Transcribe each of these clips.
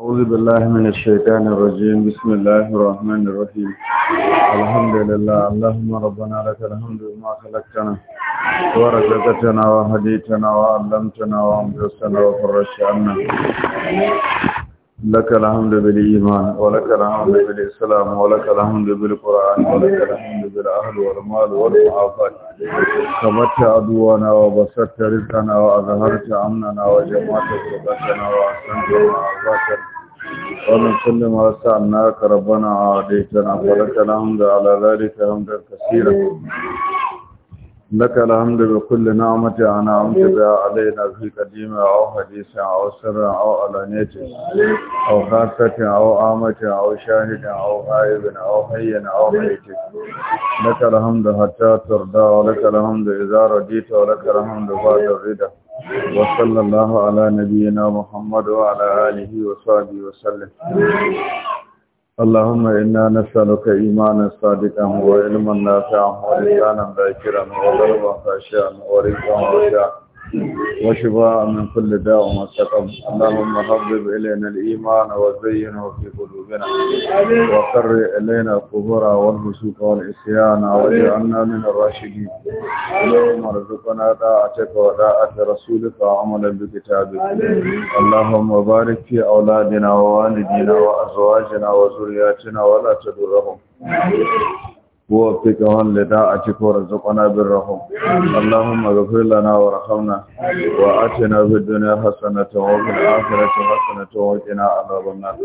أعوذ بالله من الشيطان الرجيم بسم الله الرحمن الرحيم الحمد لله اللهم ربنا لك الحمد ما خلقتنا ورزقتنا وهديتنا وعلمتنا وأنفسنا وفرشتنا لك الحمد بالإيمان ولك الحمد بالإسلام ولك الحمد بالقرآن ولك الحمد بالأهل والمال والمعافات كبت عدونا وبسطت رزقنا وأظهرت أمننا وجمعت قربتنا وأحسنت معافاتنا ونصلي وسألناك ربنا عاديتنا ولك الحمد على ذلك حمدا كثيرا لك الحمد بكل نعمة أنعمت بها علينا في قديم أو حديث أو سر أو علانية أو خاصة أو عامة أو شاهد أو غائب أو حي أو ميت لك الحمد حتى ترضى ولك الحمد إذا رضيت ولك الحمد بعد الرضا وصلى الله على نبينا محمد وعلى آله وصحبه وسلم اللهم إنا نسألك إيمانا صادقا وعلما نافعا ولسانا ذاكرا وقلبا خاشعا ورزقا واسعا وشفاء من كل داء وسقم اللهم حبب إلينا الإيمان وزينه في قلوبنا وقر إلينا الكفر والفسوق والعصيان واجعلنا من الراشدين اللهم ارزقنا طاعتك وطاعة رسولك وعملا بكتابك اللهم بارك في أولادنا ووالدينا وأزواجنا وزرياتنا ولا تضرهم ووفقهم لطاعتك وارزقنا بالرحم اللهم اغفر لنا ورحمنا واتنا في الدنيا حسنه وفي الاخره حسنه وقنا عذاب النار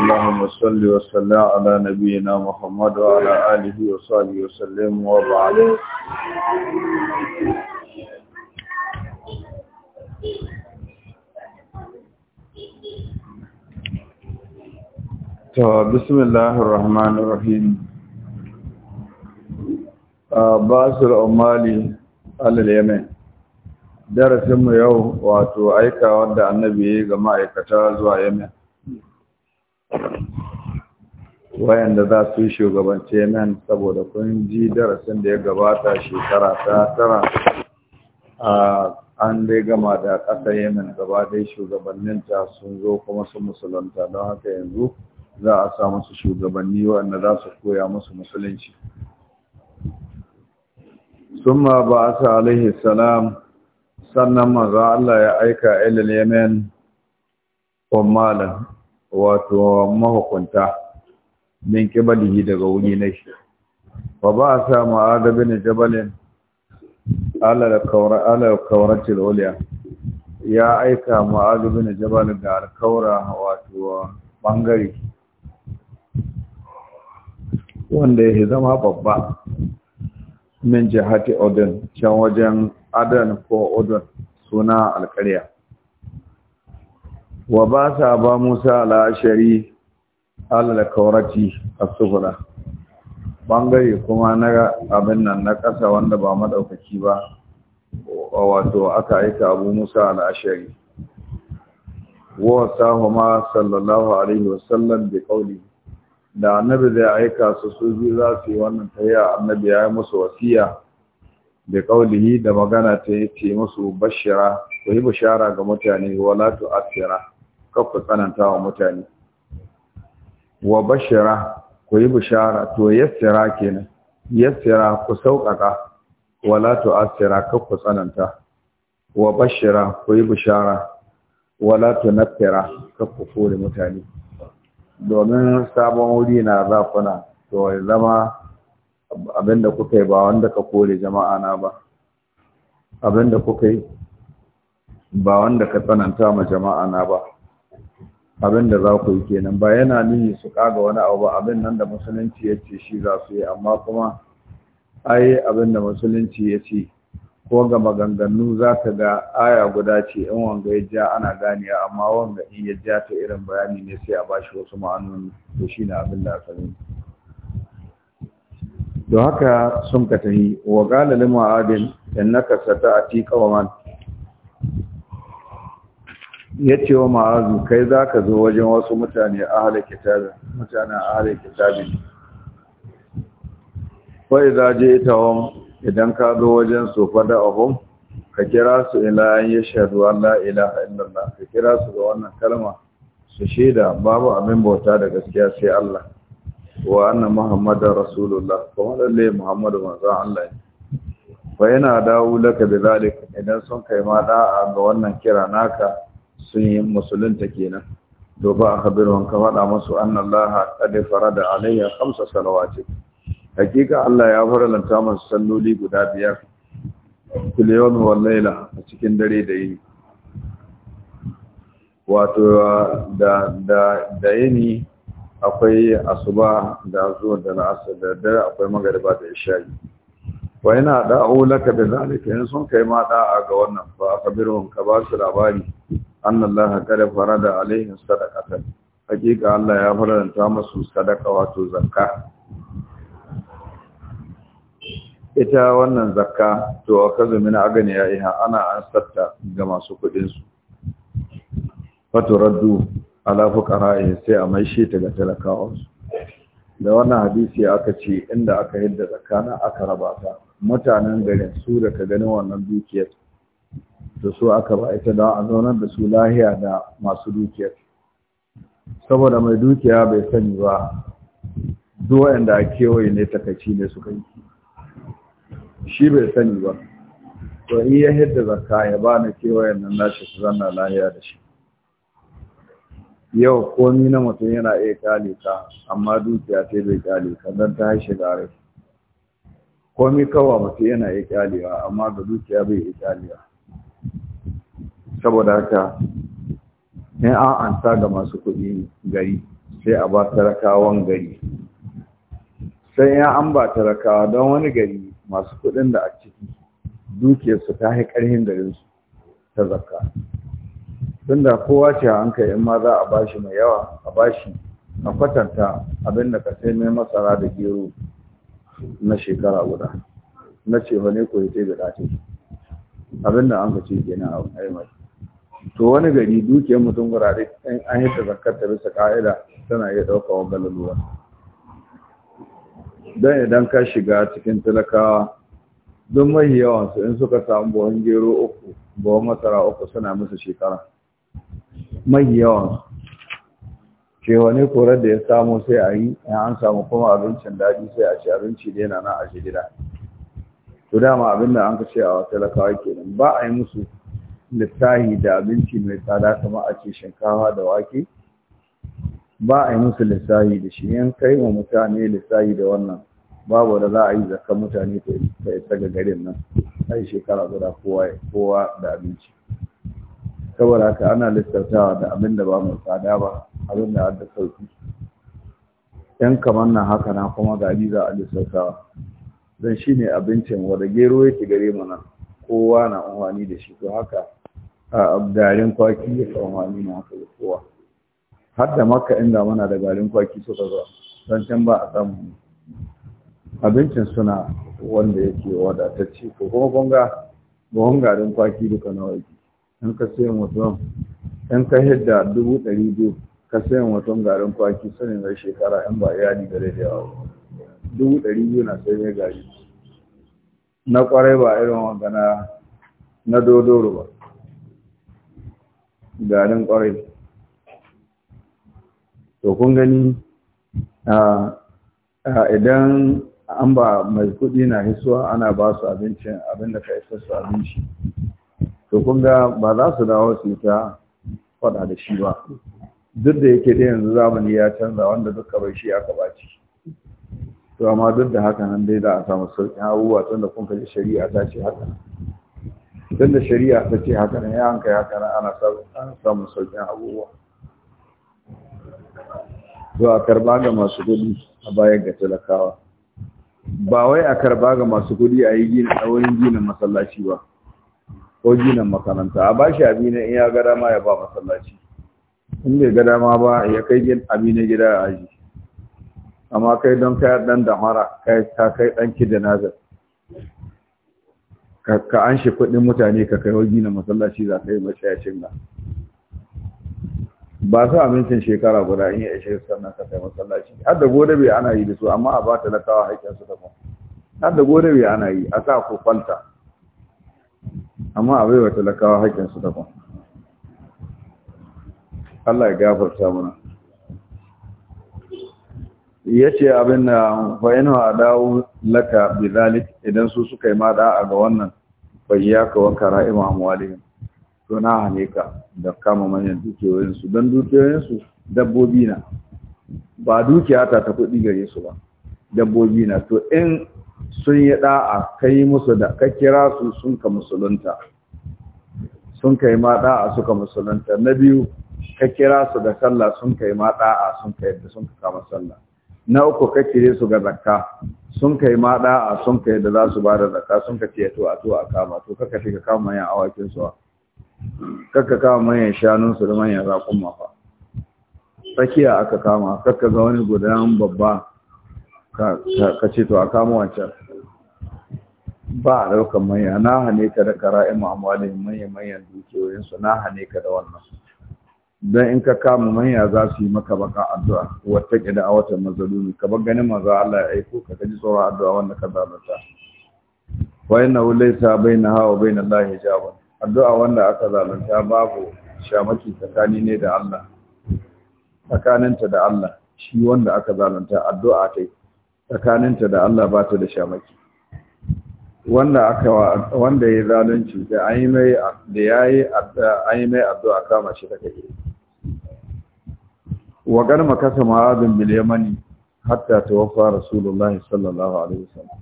اللهم صل وسلم على نبينا محمد وعلى اله وصحبه وسلم وبعد بسم الله الرحمن الرحيم basir umali al-yamin darasinmu yau wato aikawa da annabi ga ma'aikata zuwa Yemen wayanda za su yi shugabanci yamin saboda kun ji darasin da ya gabata shekara ta tara an dai gama da ƙasar Yemen gaba dai shugabanninta sun zo kuma sun musulunta don haka yanzu za a sa musu shugabanni wanda za su koya musu musulunci summa ba sa alaihi salam sannan maza Allah ya aika ilil yemen ummalan wato mahukunta min kibalihi daga wuri na shi Ba ba sa ma'ad bin ya aika ma'ad bin jabal ga al wato bangare wanda ya zama babba min jihati odin can wajen adan ko odin suna alkarya wa ba sa ba musa la'ashari kaurati a sufura bangare kuma na abin nan na ƙasa wanda ba maɗaukaki ba wato aka aika abu musa al'ashari. wa ma sallallahu alaihi wasallam bi qawlihi da annabi zai aika su su biyu za su yi wannan tayya annabi ya yi musu wasiya da kaulihi da magana ta yi ce musu bashira ku yi bishara ga mutane wa la tu asira kafa tsananta wa mutane wa bashira ku yi bishara to yassira kenan yassira ku sauƙaƙa wa la tu asira kafa tsananta wa bashira ku yi bishara la tu naffira kafa ku kore mutane domin sabon wuri na zafuna to ya zama abinda kuka yi ba wanda ka kore jama'a na ba abinda kuka yi ba wanda ka tsananta ma jama'a na ba abinda za ku yi kenan ba yana nuni su kaga wani abu abin nan da musulunci ya ce shi za su yi amma kuma ai abinda musulunci ya ce ko ga maganganu za ka ga aya guda ce in wanga ya ja ana ganiya, amma wanga in ya ja ta irin bayani ne sai a bashi wasu ma'anoni da shi na abin da aka don haka sun ka tahi wa gala lima adin innaka kawaman Ya ce wa ma'azu kai za ka zo wajen wasu mutane ahli kitabi mutane za kitabi je idza idan ka zo wajen su fada abun ka kira su ila an yashhadu an ilaha illallah ka kira su ga wannan kalma su shaida babu abin bauta da gaskiya sai Allah wa anna muhammadar rasulullah kuma lalle muhammadu maza Allah ne fa yana dawo laka da zalik idan sun kai ma da'a ga wannan kira naka sun yi musulunta kenan to ba a kabirin ka faɗa musu annallaha qad farada alayya khamsa salawati hakika Allah ya faranta masu salloli guda biyar kulewan laila a cikin dare da yini wato da da yini akwai asuba da zuwa da la'asar da dare akwai magariba da yi wa yana da laka bi zalika yin sun kai ma da'a ga wannan a kabirin ka ba su labari fara da alaihin sadaka ta hakika Allah ya faranta masu sadaka wato zakka ita wannan zakka to zumi na agani ya iha ana ansarta ga masu kudin su faturaddu ala ra'ayin sai a mai shi daga talakawa da wannan hadisi aka ce inda aka yi da zakana aka rabata, mutanen garin su da ka ganin wannan dukiyar to su aka ba ita da a zaunar da su lahiya da masu dukiyar saboda mai dukiya bai sani ba duwa inda a kewaye ne takaici ne suka yi shi bai sani ba to in ya hidda zakka ya ba na kewayen nan nashi su zanna lahiya da shi yau komi na mutum yana iya kyalika ka amma dukiya ta bai kyalika don ta haishi da rai komi kawa mutum yana iya kyalika amma ga dukiya bai iya kyalika saboda haka in an anta ga masu kuɗi gari sai a ba talakawan gari sai ya an ba talakawa don wani gari masu kuɗin da a ciki dukiyarsu ta yi ƙarhin garinsu ta zakka tunda kowa ce a hankali in ma za a bashi mai yawa a bashi a kwatanta abin da ka sai mai masara da gero na shekara guda na ce ba ne koyi sai da ce abin da an ka ce kenan a aimar to wani gari dukiyar mutum gurare an ta zakkar ta bisa ka'ida tana iya ɗauka wa galiluwa don idan ka shiga cikin talakawa don mai yawansu in suka samu buhun gero uku buhun masara uku suna musu shekara Mahi yawansu ke wani korar da ya samu sai a yi an samu kuma abincin daji sai a ci abinci da yana na a gida to dama abin da an ka ce a talakawa kenan ba a yi musu littahi da abinci mai tsada kama a ce shinkawa da wake ba a yi musu lissahi da shi yan kai wa mutane lissahi da wannan babu da za a yi zakar mutane ta yi ga garin nan a yi shekara guda kowa da abinci saboda haka ana lissautawa da abin da ba mai tsada ba abin da da sauki yan kamar na haka na kuma gari za a lissautawa zan shi ne abincin wanda gero yake gare mu nan kowa na amfani da shi to haka a garin kwaki ya amfani na haka da kowa har da maka inda muna da garin kwaki suka zuwa don can ba a samu abincin suna wanda yake wadatacce ko kuma gonga buhun garin kwaki duka na waje in ka sayan mutum in ka hidda dubu ɗari biyu ka sayan mutum garin kwaki sanin mai shekara in ba ya ni gare da yawa dubu ɗari biyu na sai mai gari na kwarai ba irin magana na dodoro ba garin kwarai to kun gani idan an ba mai kuɗi na hisuwa ana ba su abincin abin da ka isa su abinci to kun ga ba za su dawo su ta faɗa da shi ba duk da yake da yanzu zamani ya canza wanda duka bai shi aka baci to amma duk da haka nan dai za a samu sauƙin abubuwa tun da kun kaji shari'a ta ce haka tun da shari'a ta ce haka nan ya an kai haka nan ana samun sauƙin abubuwa zuwa a karba ga masu kuɗi a bayan ga talakawa ba wai a karba ga masu kuɗi a yi gina a wurin gina masallaci ba ko gina makaranta a ba shi na in ya gada ma ya ba masallaci in bai gada ma ba ya kai abi na gida a aji amma kai don kai dan damara kai ka kai dan nazar? ka an shi kuɗin mutane ka kai wa gina masallaci za ka yi mashayacin nan ba su amincin shekara guda in ya ishe sannan ka kai masallaci har da gode bai ana yi da su amma a ba talakawa haƙƙin su daban har da gode bai ana yi a sa ko falta amma a baiwa talakawa haƙƙin su daban Allah ya gafarta mana Ya ce abin da fa'inu a dawo laka bidalik idan su suka yi mada a ga wannan fa iyaka wa kara'im amwalihim to na hane ka da kama manyan dukiyoyinsu don dukiyoyinsu dabbobi na ba dukiya ta ta kuɗi gare su ba dabbobi na to in sun yi da'a yi musu da ka kira su sun ka musulunta sun kai ma da'a ka musulunta na biyu ka kira su da sallah sun kai ma da'a sun kai da sun kama sallah na uku ka kire su ga zakka sun kai ma da'a sun kai da za su ba da zakka sun ka ce to a to a kama to kaka ce ka kama yan awakin su kakka kama manyan shanunsu da manyan raƙon mafa tsakiya aka kama kakka ga wani gudanar babba ka ce to a kama wancan ba a ɗaukan manya na hane ka da kara'in ma'amalin manya-manyan dukiyoyinsu na hane ka da wannan don in ka kama manya za su yi maka baka addu'a wata ƙida a watan mazalumi ka bar ganin maza Allah ya aiko ka gaji tsoron addu'a wanda ka zalunta wa yana wulaita bai na hawa bai na lahi jabon addu'a wanda aka zalunta babu shamaki tsakani ne da Allah tsakaninta da Allah shi wanda aka zalunta addu'a ta tsakaninta da Allah ba ta da shamaki wanda aka wanda ya zalunci da an yi mai da yayi an yi mai addu'a kama shi daga gare wa garma kasa ma'azin bil yamani hatta tawaffa rasulullahi sallallahu alaihi wasallam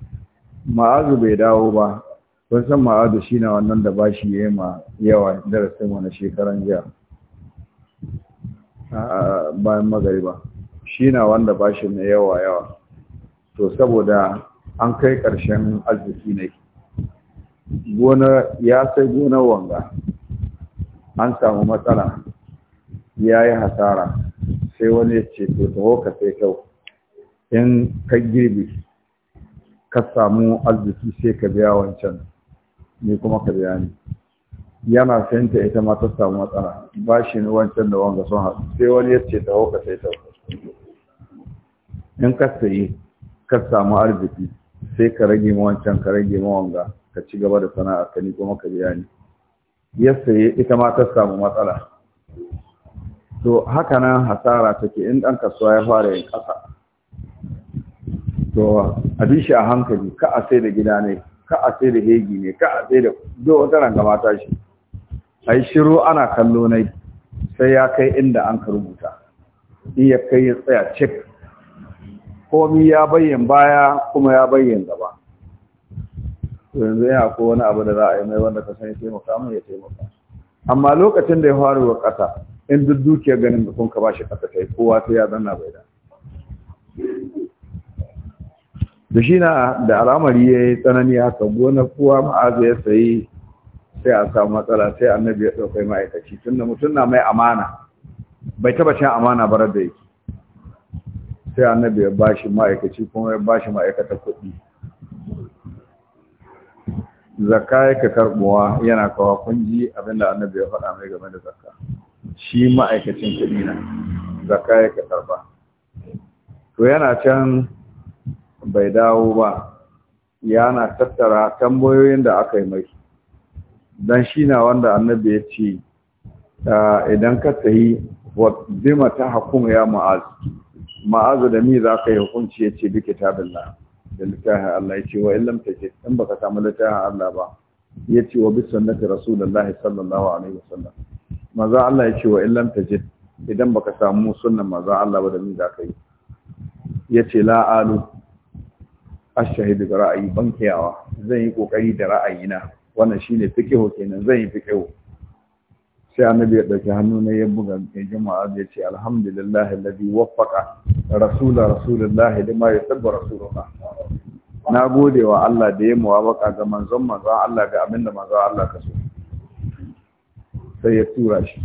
ma'azu bai dawo ba kun san ma'adu shi na wannan da ba shi ya yi ma yawa darasin wani shekaran jiya bayan magariba shi na wanda ba shi mai yawa yawa to saboda an kai ƙarshen arziki ne gona ya sai gonar wanga an samu matsala ya yi hasara sai wani ya ce to taho ka sai kyau in ka girbi ka samu arziki sai ka biya wancan ni kuma ka biya yana sayanta ita ma ta samu matsala ba shi ne wancan da wanga sun haɗu sai wani ya ce ta hau ka sai ta in ka sayi ka samu arziki sai ka rage ma wancan ka rage ma wanga ka ci gaba da sana'a ka ni kuma ka biya ya sayi ita ma ta samu matsala to haka nan hasara take in ɗan kasuwa ya fara yin ƙasa to abin shi a hankali ka a sai da gida ne ka a sai da hegi ne ka a sai da duk wata ranga mata shi ai shiru ana kallo nai sai ya kai inda an ka rubuta in ya kai ya tsaya cik komi ya bayyan baya kuma ya bayyan gaba to yanzu yana ko wani abu da za a yi mai wanda ka sani taimaka mun ya taimaka amma lokacin da ya faru wa ƙasa in duk dukiyar ganin da kun ka bashi ƙasa kai kowa sai ya zanna bai da da shi na da al'amari ya yi tsanani haka gonar kowa ma'azu ya sayi sai a samu matsala sai annabi ya ɗaukai ma'aikaci tun da mutum na mai amana bai taba cin amana bar da yake sai annabi ya bashi ma'aikaci kuma ya bashi ma'aikata kuɗi zakka ka karbuwa yana kawo kunji abinda annabi ya faɗa mai game da zakka shi ma'aikacin kuɗi na zakka ka karba to yana can bai dawo ba yana tattara tambayoyin da aka yi mai dan shi na wanda annabi ya ce idan ka wa bima ta hakun ya ma'az ma'azu da mi za ka yi hukunci ya ce bi na da littafin Allah ya ce wa illam tajid in baka samu littafin Allah ba ya ce wa bi sunnati rasulullah sallallahu alaihi wasallam manzo Allah ya ce wa illam ce idan baka samu sunnan maza Allah ba da mi za ka yi ya ce la'alu. ashahidu da ra'ayi ban kiyawa zan yi kokari da ra'ayina wannan shine fiqhu kenan zan yi fiqhu sai annabi ya dauki hannu na ya buga ya juma'a ya ce alhamdulillah alladhi waffaqa rasula rasulillahi lima sabba rasulullah na gode wa Allah da ya muwafaka ga manzon manzon Allah ga abin da manzon Allah ka so sai ya tura shi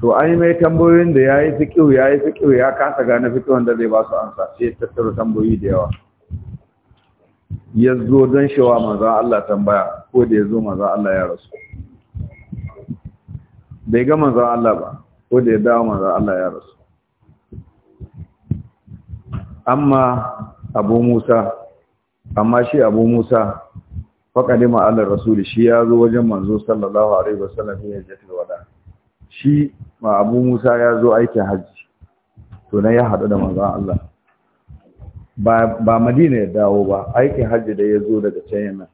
to an yi mai tambayoyin da ya yi fiƙiyu ya yi fiƙiyu ya kasa gane fiƙe wanda zai ba su ansa sai ya tattara tambayoyi da yawa ya zo don shawa manzan Allah tambaya ko da ya zo manzan Allah ya rasu bai ga manzan Allah ba ko da ya dawo maza Allah ya rasu amma abu musa amma shi abu musa faƙaɗe Allah rasuli shi ya zo wajen manzo sallallahu alaihi wasallam ya je wada shi ma abu musa ya zo aikin hajji to na ya haɗu da manzan Allah ba madina ya dawo ba aikin hajji da ya zo daga can nan,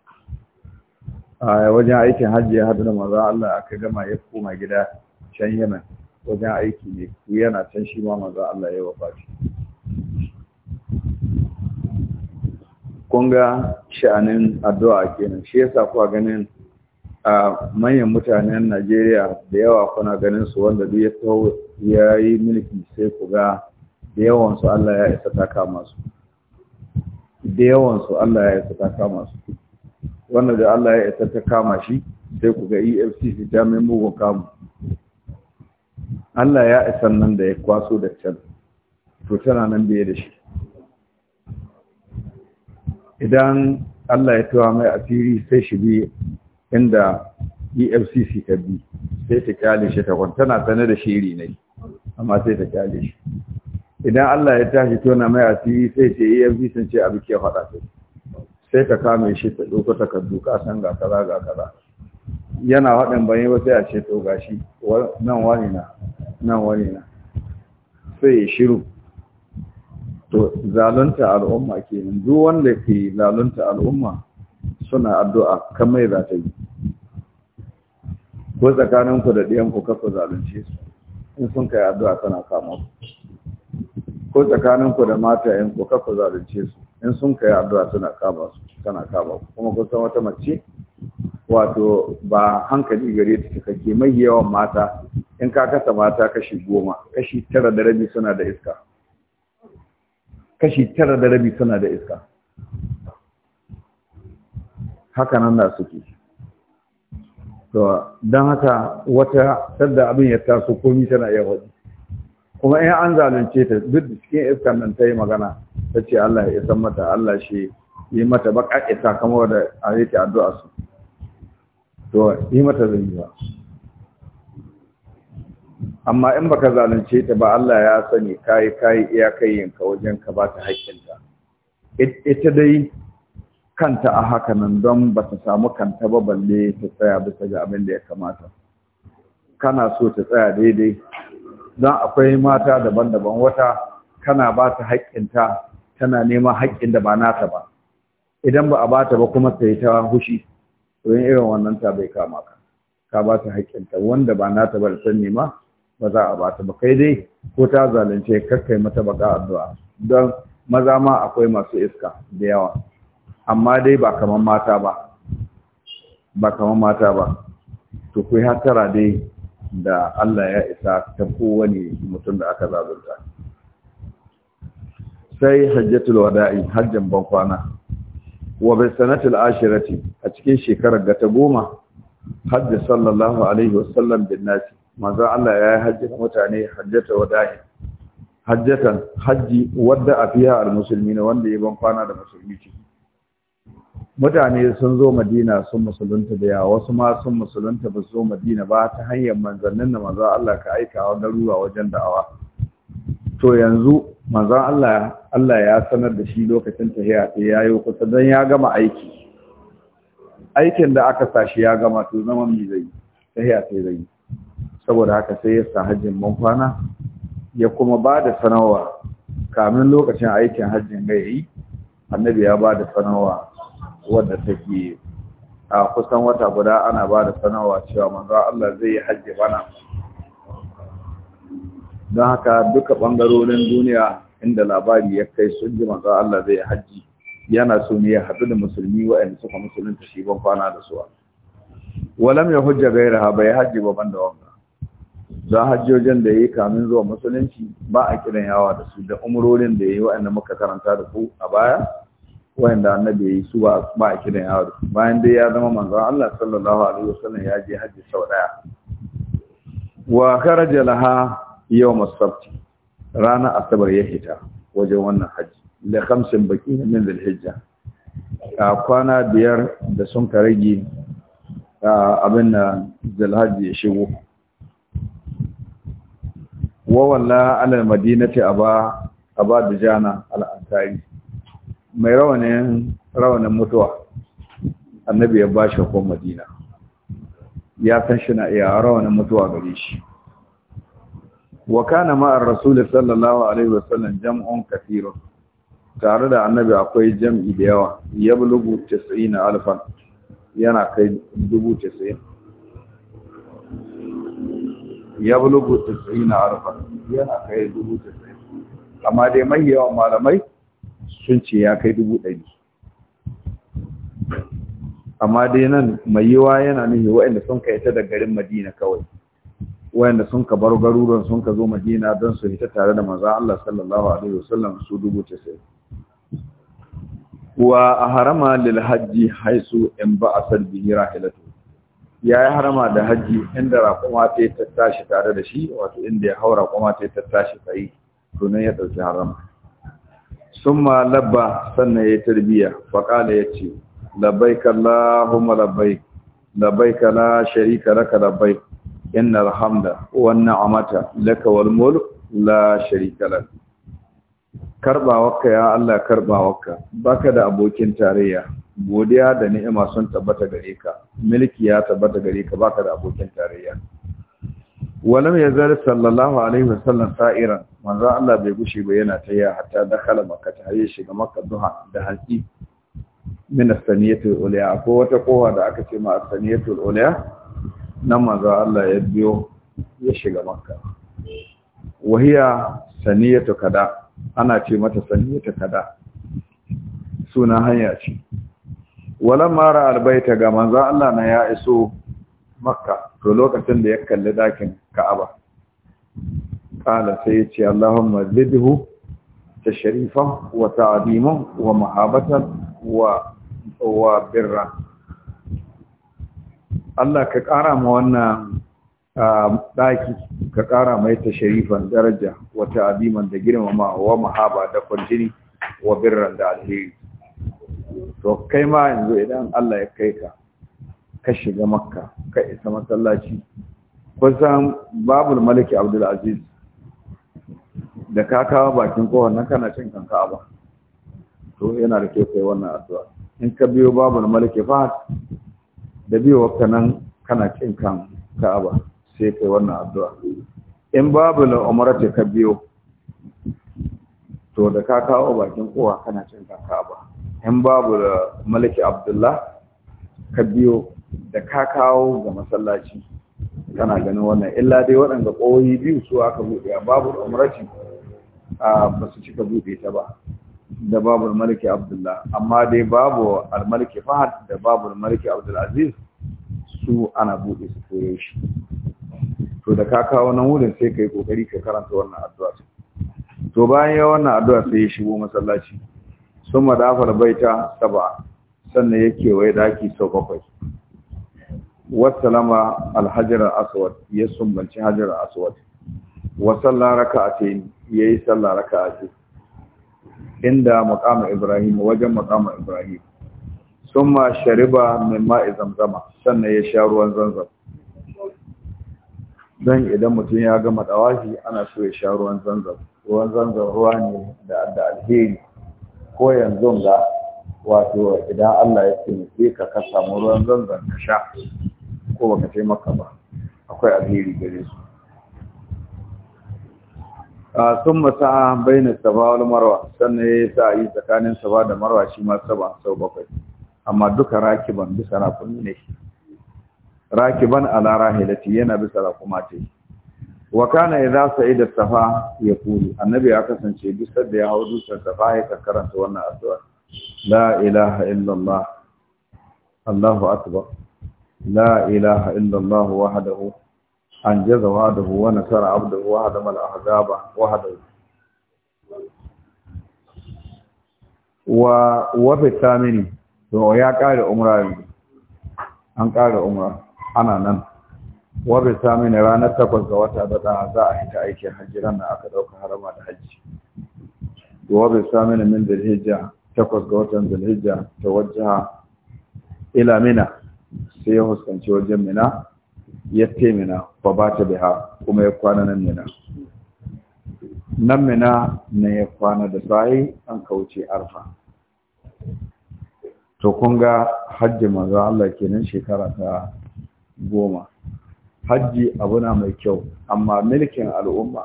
a wajen aikin hajji ya haɗu da maza Allah aka gama ya koma gida can yana wajen aiki ne yana can shi ma maza Allah ya wafaci kun ga sha'anin addu'a kenan shi yasa kuwa ganin a manyan mutanen Najeriya da yawa kuna ganin su wanda duk ya ya yi mulki sai ku ga da yawansu Allah ya isa taka masu da yawan su Allah ya isa ta kama su wannan da Allah ya isa ta kama shi sai ku ga EFCC ta mai mugun kamu Allah ya isa nan da ya kwaso da can to tana nan biye da shi idan Allah ya tawa mai asiri sai shi bi inda EFCC ta bi sai ta kyale shi ta tana sanar da shiri ne amma sai ta kyale shi idan Allah ya tashi tona mai asiri sai ce iya e sun ce abu ke faɗa sai sai ta kame shi ta ɗauko takardu ka san ga kaza ga kaza yana haɗin bayan ba sai a ce to gashi nan wani na nan wani na sai ya shiru to zalunta al'umma kenan duk wanda ke zalunta al'umma suna addu'a kamar za ta yi ko tsakaninku da ɗiyanku kafa zalunce su in sun kai addu'a tana kama su ko tsakaninku da mata yan ku zalunce su in sun kai addu'a suna kama su tana kama ku kuma kun san wata mace wato ba hankali gare ta cikakke mai yawan mata in ka kasa mata kashi goma kashi tara da rabi suna da iska kashi tara da rabi suna da iska haka nan da suke to don haka wata sadda abin ya taso komi tana iya wani kuma in an zalunce ta duk da cikin iskan nan ta yi magana ta ce Allah ya san mata Allah shi yi mata baka isa kamar da a yake addu'a su to yi mata zai yi ba amma in baka zalunce ta ba Allah ya sani kayi kai kai iyakai yanka wajen ka ba ta ita dai kanta a haka nan don ba ta samu kanta ba balle ta tsaya bisa ga abin da ya kamata kana so ta tsaya daidai don akwai mata daban-daban wata kana ba ta haƙƙinta tana neman haƙƙin da ba nata ba idan ba a ba ta ba kuma sai ta hushi don irin wannan ta bai kama ka ka ba ta haƙƙinta wanda ba nata ba da san nema ba za a ba ta ba kai dai ko ta zalunce kakkai mata ga addu'a don maza ma akwai masu iska da yawa amma dai ba kamar mata ba ba kamar mata ba to kai hatara dai da Allah ya isa ta kowane mutum da aka zalunta sai hajjatul wada'i hajjan ban kwana wa bi ashirati a cikin shekarar ga ta goma hajji sallallahu alaihi wasallam bin nasi manzo Allah ya hajji mutane hajjatul wada'i hajjatan hajji wadda fiya al-muslimina wanda ya bankwana da musulmi ciki mutane sun zo madina sun musulunta da yawa wasu ma sun musulunta ba zo madina ba ta hanyar manzannin da manzan Allah ka aika wa garuruwa wajen da'awa to yanzu manzan Allah Allah ya sanar da shi lokacin da ya yayo kusa dan ya gama aiki aikin da aka sashi ya gama to zaman mi zai tahiya ta zai saboda haka sai ya sa hajjin mun ya kuma ba da sanarwa kamin lokacin aikin hajjin ga yi annabi ya ba da sanarwa wadda take a kusan wata guda ana ba da sanarwa cewa manzo Allah zai yi hajji bana don haka duka ɓangarorin duniya inda labari ya kai sun ji manzo Allah zai yi hajji yana so ne ya haɗu da musulmi waɗanda suka musulunta shi ban kwana da suwa walam ya hujja ha bai hajji ba banda wanga za hajjojin da yayi kamin zuwa musulunci ba a kiran yawa da su da umrorin da yayi waɗanda muka karanta da ku a baya wayanda annabi yi su ba ba a kiran yaro bayan dai ya zama manzon Allah sallallahu alaihi wasallam ya je haji sau daya wa kharaja laha yawm as-sabt rana asabar ya hita wajen wannan haji da khamsin baki min dhil-hijja a kwana biyar da sun ka rage abin da zalhaji ya shigo wa walla ala madinati aba aba jana al-ansari mai rawanin rawanin mutuwa annabi ya bashi ko madina ya san shi na iya rawanin mutuwa gare shi wa kana ma'ar rasul sallallahu alaihi wa sallam jam'un kathir tare da annabi akwai jam'i da yawa yablugu 90 alfan yana kai 90 yablugu 90 alfan yana kai 90 amma dai mai yawan malamai sun ce ya kai dubu ɗari amma dai nan mai yiwa yana nufi wayanda sun ka ita da garin madina kawai wayanda sun ka bar garuruwan sun ka zo madina don su hita tare da maza Allah sallallahu alaihi wasallam su dubu casa'in wa a harama lil hajji haisu in ba a sarbi rahilatu ya yi harama da hajji inda rakuma ta yi tattashi tare da shi wato inda ya haura kuma ta yi tattashi tsaye to ya ɗauki harama summa labba sannan ya tarbiya faƙala ya ce labbaik Allahumma labbaik labbaik la sharika laka labbaik innal hamda wan ni'mata laka wal mulk la sharika lak karbawarka ya Allah karbawarka baka da abokin tarayya godiya da ni'ima sun tabbata gare ka mulki ya tabbata gare ka baka da abokin tarayya walam yazar sallallahu alaihi wasallam sa'iran manzo Allah bai gushe ba yana tayya hatta dakala makka ta haye shiga makka duha da hanki min as-saniyati al ko wata kowa da aka ce maa as-saniyati al-ulya nan manzo Allah ya biyo ya shiga makka wahiya saniyatu kada ana ce mata saniyatu kada suna hanya ce walan mara albaita ga manzo Allah na ya iso makka to lokacin da ya kalli dakin ka'aba kala sai ya ce Allahumma zidhu tashrifan wa ta'diman wa mahabatan wa wa birran Allah ka ƙara ma wannan ɗaki ka ƙara mai ta sharifan daraja wa abiman da girmama wa mahaba da kwanjini wa birran da alheri to kai ma yanzu idan Allah ya kai ka ka shiga makka ka isa masallaci kun san babul maliki abdul aziz da ka kawo bakin kowar nan kana cin kanka ba to yana da kyau kai wannan addu'a in ka biyo babul maliki fa da biyo wakka nan kana cin kan ka'aba sai kai wannan addu'a in babul umrata ka biyo to da ka kawo bakin kowa kana cin kan ka'aba in babul maliki abdullah ka biyo da ka kawo ga masallaci kana ganin wannan illa dai waɗanda ƙoyi biyu su aka buɗe a babur umrati a ba su cika buɗe ta ba da babur mulki abdullah amma dai babu almaliki fahad da babul maliki abdulaziz su ana buɗe su koyo shi to da ka kawo nan wurin sai ka yi ƙoƙari ka karanta wannan addu'a to bayan ya wannan addu'a sai ya shigo masallaci sun madafar baita saba sannan ya kewaye daki sau bakwai wasalama alhajar aswad ya sumbanci hajar aswad wasalla raka'atayn raka a ce inda maqama ibrahim wajen maqama ibrahim ma shariba min ma'i zamzama sannan ya sha ruwan zanzan don idan mutum ya gama dawashi ana so ya sha ruwan zanzan ruwan zanzan ruwa ne da alheri ko yanzu ga wato idan Allah ya ce ka ka samu ruwan zanzan ka sha ko baka taimaka ba akwai alheri gare su A sun masa bayan saba wal marwa sannan ya sa yi tsakanin saba da marwa shi ma saba sau bakwai amma duka rakiban bisa rakumi ne rakiban ala rahilati yana bisa rakuma ce wa kana idza sa'ida safa ya kulu annabi ya kasance bisa da ya hau dutsen safa ya karanta wannan addu'a la ilaha illallah allahu akbar لا إله إلا الله وحده أنجز وحده ونصر عبده وهدم wa wafi samini to ya kare umra yanzu an kare umra ana nan wafi samini ranar takwas ga wata da za a hita aikin hajji na aka dauka harama da hajji to wafi samini min zilhijja takwas ga watan zilhijja ta wajaha ila mina sai ya huskanci wajen mina ya te mina ba ba ta biha kuma ya kwana nan mina nan mina na ya kwana da sa'i an kauce arfa to kun ga hajji manzo Allah kenan shekara ta goma hajji abu na mai kyau amma milkin al'umma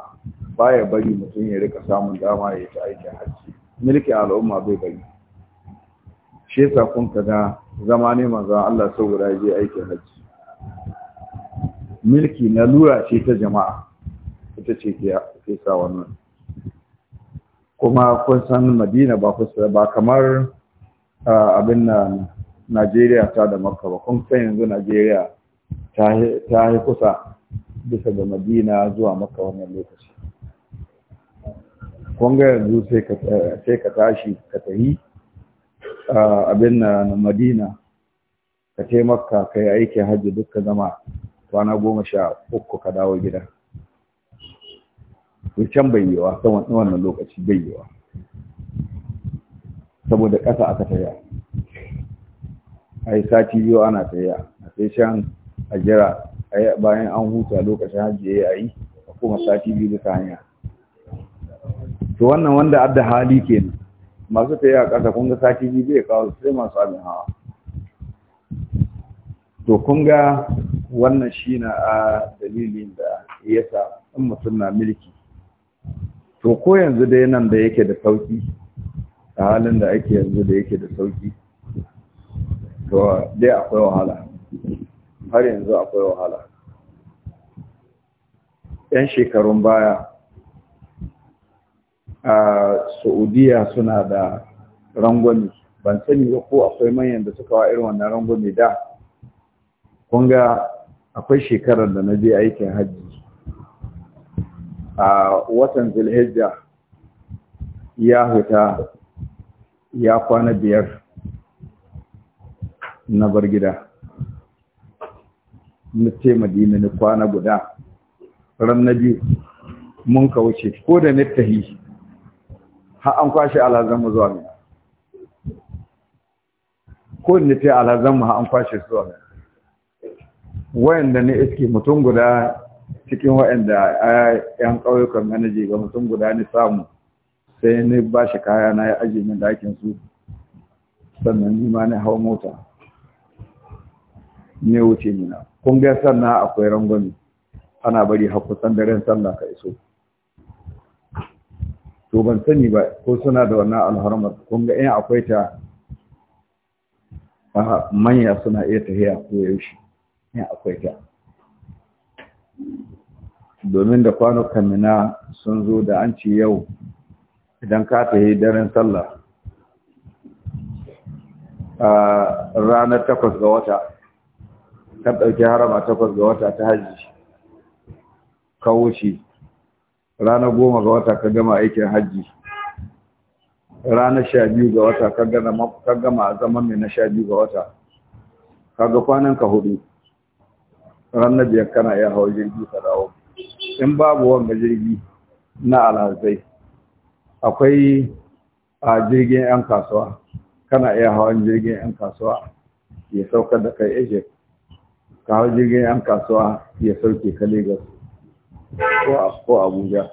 baya bari mutum ya rika samun dama ya ta aikin hajji milkin al'umma bai bari shi yasa kun ga zama ne manzan Allah sau guda je aikin hajji milki na lura ce ta jama'a ita ce ke sa wannan kuma kun san madina ba ba kamar abin na najeriya ta da makka ba kun san yanzu najeriya ta yi kusa bisa ga madina zuwa makka wannan lokaci kun ga yanzu sai ka tashi ka tahi abin na madina ka taimaka ka yi aikin hajji dukkan zama kwana goma sha uku ka dawo gida can bai yiwa saman wannan lokaci bai wa? saboda ƙasa aka taya a yi sati biyu ana taya a sai shan a jira bayan an huta lokacin hajji ya yi a kuma sati biyu duka hanya to wannan wanda adda hali kenan masu ta yi a ƙasa kunga sati biyu zai kawo sai masu abin hawa to kun wannan shi na a dalilin da ya sa in mutum na milki to ko yanzu dai nan da yake da sauki a halin da ake yanzu da yake da sauki to dai akwai wahala har yanzu akwai wahala 'yan shekarun baya a saudiya suna da rangwami ban sani ba ko akwai manyan da suka wa irin wannan rangwami da kun ga akwai shekarar da na je aikin hajji a watan zulhijja ya huta ya kwana biyar na bar gida na ce madina ni kwana guda ran na biyu mun ka wuce ko da na tahi har an kwashe alhazan mu zuwa mina ko ni ce alhazanmu har an kwashe zuwa mina wayanda ne iske mutum guda cikin wayanda yan ƙauyukan manaji ga mutum guda ne samu sai ni ba shi kaya na ya aji min dakin su sannan ni ma ni hau mota ne wuce mina kun ga sannan akwai rangwani, ana bari har kusan daren sallah ka iso to ban sani ba ko suna da wannan alharmar kun ga in akwai ta manya suna iya tahiya ko yaushe in akwai ta domin da kwanukan mina sun zo da an ce yau idan ka tahi daren sallah a ranar takwas ga wata ka ɗauki harama takwas ga wata ta hajji ka wuce ranar goma ga wata ka gama aikin hajji ranar sha biyu ga wata ka gama zaman mai na sha biyu ga wata ka ga kwanan ka hudu ranar biyar kana iya hawa jirgi ka dawo in babu wanga jirgi na alhazai akwai a jirgin 'yan kasuwa kana iya hawan jirgin 'yan kasuwa ya saukar da kai egypt ka hawa jirgin 'yan kasuwa ya sauke ka lagos ko abuja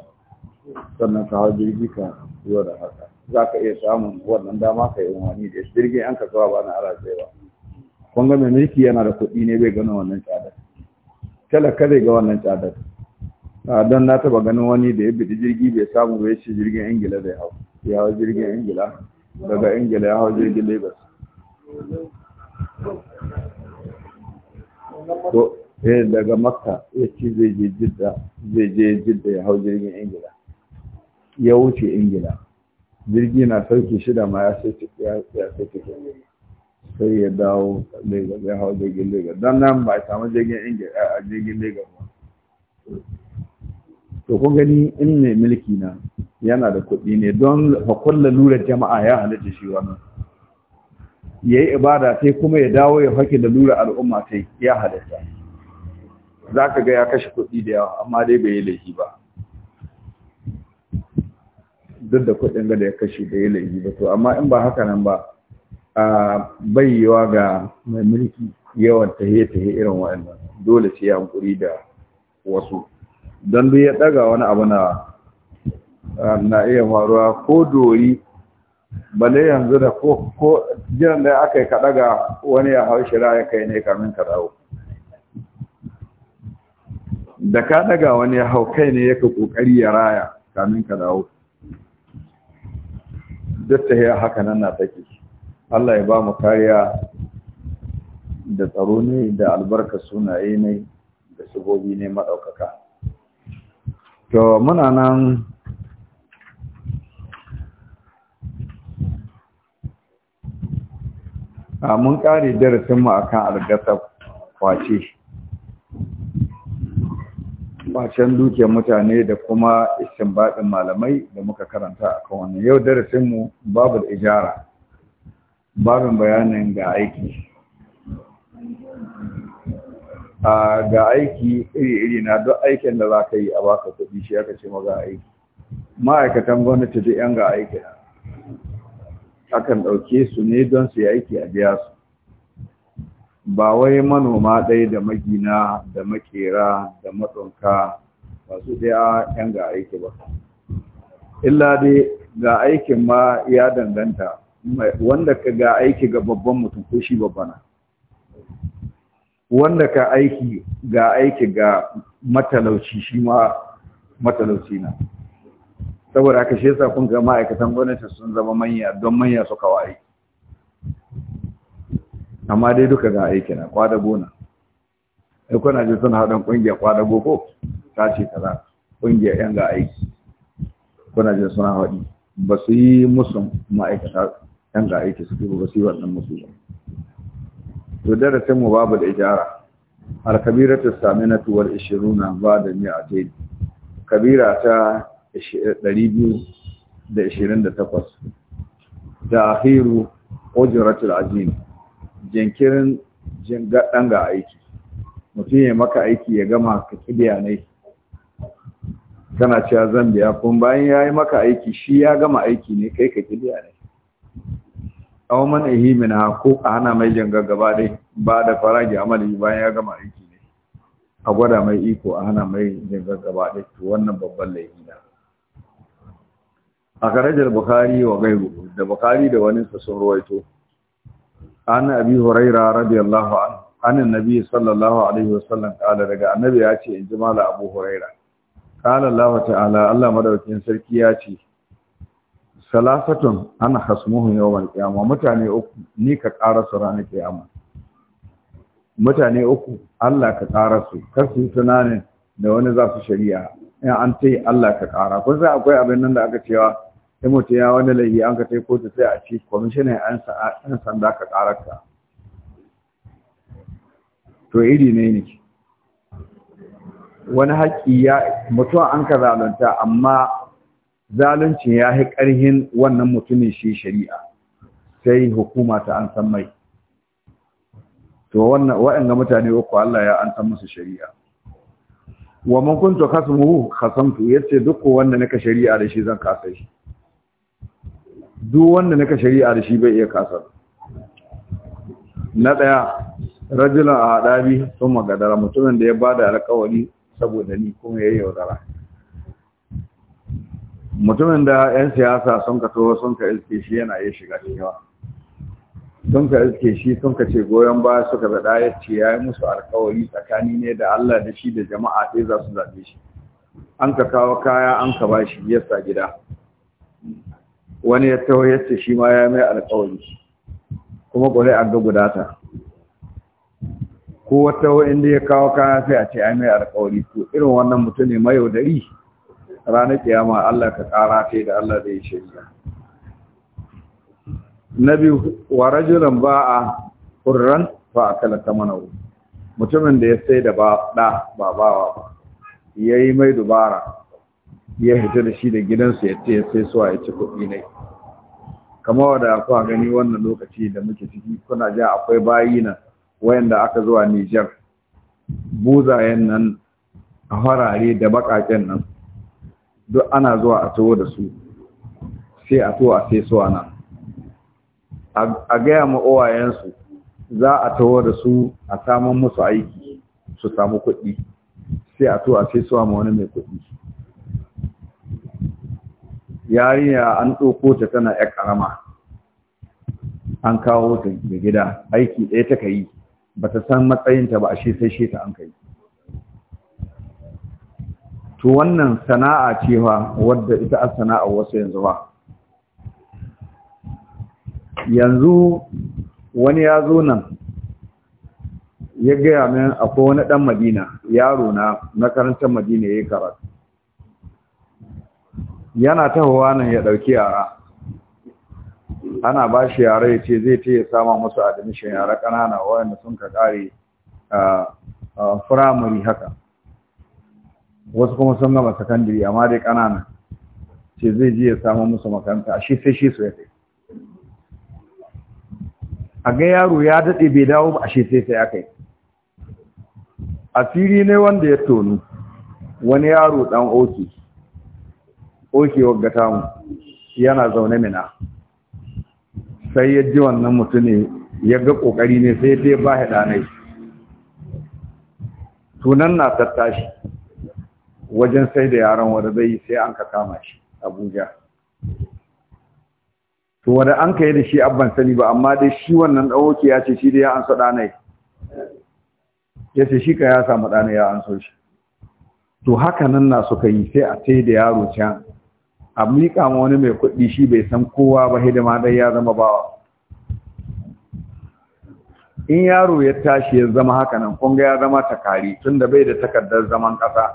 sannan ka hau jirgi ka zuwa da haka za ka iya samun wannan dama ka yi wani da jirgin an kasuwa ba na ara ba kun ga mai mulki yana da kuɗi ne bai gano wannan tsadar talaka zai ga wannan tsadar don na taba ganin wani da ya bidi jirgi bai samu bai shi jirgin ingila zai hau ya hau jirgin ingila daga ingila ya hau jirgin lagos sai eh, daga makka ya eh, ce zai je jidda zai je jidda ya hau jirgin ingila ya wuce ingila jirgi na sauki shida ma ya sai ya sai sai ya dawo lagos ya hau jirgin lagos don nan ba a samu jirgin ingila a jirgin lagos ba to kun gani in mai mulki na yana da kuɗi ne don hakulla lura jama'a ya halitta shi wannan ya yi ibada sai kuma ya dawo ya haƙi da lura al'umma sai ya halitta za ka ga ya kashe kuɗi da yawa amma dai bai yi laifi ba duk da kuɗin da ya kashe bai yi laifi ba to amma in ba haka nan ba bai yiwa ga mai mulki yawan tahe-tahe irin waɗannan dole sai hankuri da wasu don duk ya ɗaga wani abu na na iya faruwa ko dori bale yanzu da ko jiran da aka yi ka ɗaga wani ya hau shira ya kai ne kamin ka dawo da ka daga wani hau kai ne yaka kokari ya raya kamin ka dawo duk ta ya haka nan na take Allah ya ba mu kariya da tsaro ne da albarka sunaye ne da sabobi ne maɗaukaka to muna nan a mun ƙari darasinmu akan algasar kwace bacen dukiyar mutane da kuma baɗin malamai da muka karanta a kan wannan yau darasinmu babu da ijara babin bayanin ga aiki a ga aiki iri-iri na duk aikin da za ka yi a baka kuɗi shi aka ce maza aiki ma'aikatan gwamnati duk 'yan ga aiki akan ɗauke su ne don su yi aiki a biya su ba wai manoma ɗaya da magina da makera da matsonka ba su ɗaya ‘yan ga aiki ba illa dai ga aikin ma ya danganta wanda ka ga aiki ga babban mutum ko shi babbana wanda ka aiki ga aiki ga matalauci shi ma matalauci na saboda haka shi yasa kun ga ma'aikatan gwamnati sun zama manya don manya suka wa aiki amma dai duka a aiki na kwada gona ai kuna ji suna haɗin ƙungiyar kwada goko ta ce za ƙungiyar yan ga aiki kuna ji suna haɗi ba su yi musu ma'aikata yan ga aiki su ba su yi wannan musu ba to darasin mu babu da ijara al kabiratu saminatu wal 20 ba da ni a tai kabira ta biyu da da Da takwas. akhiru ujratul azim jinkirin jingaɗan ga aiki mutum ya maka aiki ya gama ka kibiya ne kana cewa zan biya kun bayan ya yi maka aiki shi ya gama aiki ne kai ka kibiya ne aw man ko a hana mai jinga gaba dai ba da faragi amali bayan ya gama aiki ne a gwada mai iko a hana mai jinga gaba dai to wannan babban laifi ne a karajar bukari wa gairu da bukari da wani sun ruwaito an abi huraira radiyallahu anhu an annabi sallallahu alaihi wasallam kala daga annabi ya ce inji mala abu huraira kala Allah ta'ala Allah madaukin sarki ya ce salasatun ana hasmuhu yawmal qiyamah mutane uku ni ka ƙara su ranar qiyama mutane uku Allah ka ƙara su kar su tunanin da wani za su shari'a in an ce Allah ka ƙara kun san akwai abin nan da aka cewa sai mutu ya wani laifi an ka tai kotu sai a ci kwamishinan yan sanda ka kararta to iri ne ne wani haƙƙi ya mutuwa an ka zalunta amma zaluncin ya yi ƙarhin wannan mutumin shi shari'a sai hukuma ta an san mai to ga mutane uku Allah ya an san musu shari'a wa man kuntu khasmuhu khasamtu yace duk wanda naka shari'a da shi zan kasa shi duk wanda nika shari'a da shi bai iya kasar na daya rajulan a haɗari sun magadara mutumin da ya ba da alkawari saboda ni kuma ya yi yaudara mutumin da 'yan siyasa sun ka toho sun ka iske shi yana iya shiga cewa sun ka iske shi sun ka ce goyon baya suka zaɗa ya ce ya yi musu alkawari tsakani ne da Allah da shi da jama'a sai za su zaɓe shi an ka kawo kaya an ka ba shi yasa gida wani ya taho ya ce shi ma ya mai alƙawari kuma an ga gudata ko wata inda ya kawo kaya sai a ce ya mai alƙawari to irin wannan mutum ne mayaudari ranar kiyama Allah ka ƙara sai da Allah zai shirya biyu wa rajulan ba'a hurran fa akala tamanahu mutumin da ya sai da ba da ba bawa ba yi mai dubara ya hita da shi da gidansu ya ce sai suwa ya ci kuɗi ne kamar da a gani wannan lokaci da muke ciki kuna ja akwai bayi nan wayanda aka zuwa Niger buzayen nan a harare da bakaken nan duk ana zuwa a tawo da su sai a tawo a sai su ana a gaya ma owayensu za a tawo da su a samun musu aiki su samu kuɗi sai a tawo a sai su ma wani mai kuɗi yarinya an ɗauko ta tana ya ƙarama an kawo ta da gida aiki ɗaya ta ka yi ba ta san matsayinta ba a shi sai an kai to wannan sana'a ce fa wadda ita a sana'a wasu yanzu ba yanzu wani ya zo nan ya gaya min akwai wani ɗan madina yaro na makarantar madina ya yi karatu yana ta huwa nan ya ɗauki yara ana ba shi yara ya ce zai ce ya sama musu admission yara ƙanana waɗanda sun ka ƙare firamari haka wasu kuma sun gama secondary amma dai ƙanana ce zai ji ya samu musu makaranta a shi sai shi su ya kai a ga yaro ya daɗe bai dawo ba a shi sai sai aka yi asiri ne wanda ya tonu wani yaro dan oki ɓokewar ga tamu yana zaune mina sai ya ji wannan mutum ya ga ƙoƙari ne sai ya ba ya ɗanai tunan na tattashi wajen sai da yaran wanda zai yi sai an ka kama shi abuja to wanda an ka yi da shi abban sani ba amma dai shi wannan ɗauke ya ce shi da ya ansa ɗanai ya ce shi ka ya samu ɗanai ya anso shi to haka nan na suka yi sai a sai da yaro can a miƙa ma wani mai kuɗi shi bai san kowa ba hidima dai ya zama bawa in yaro ya tashi ya zama haka nan kunga ya zama takari tun da bai da takardar zaman ƙasa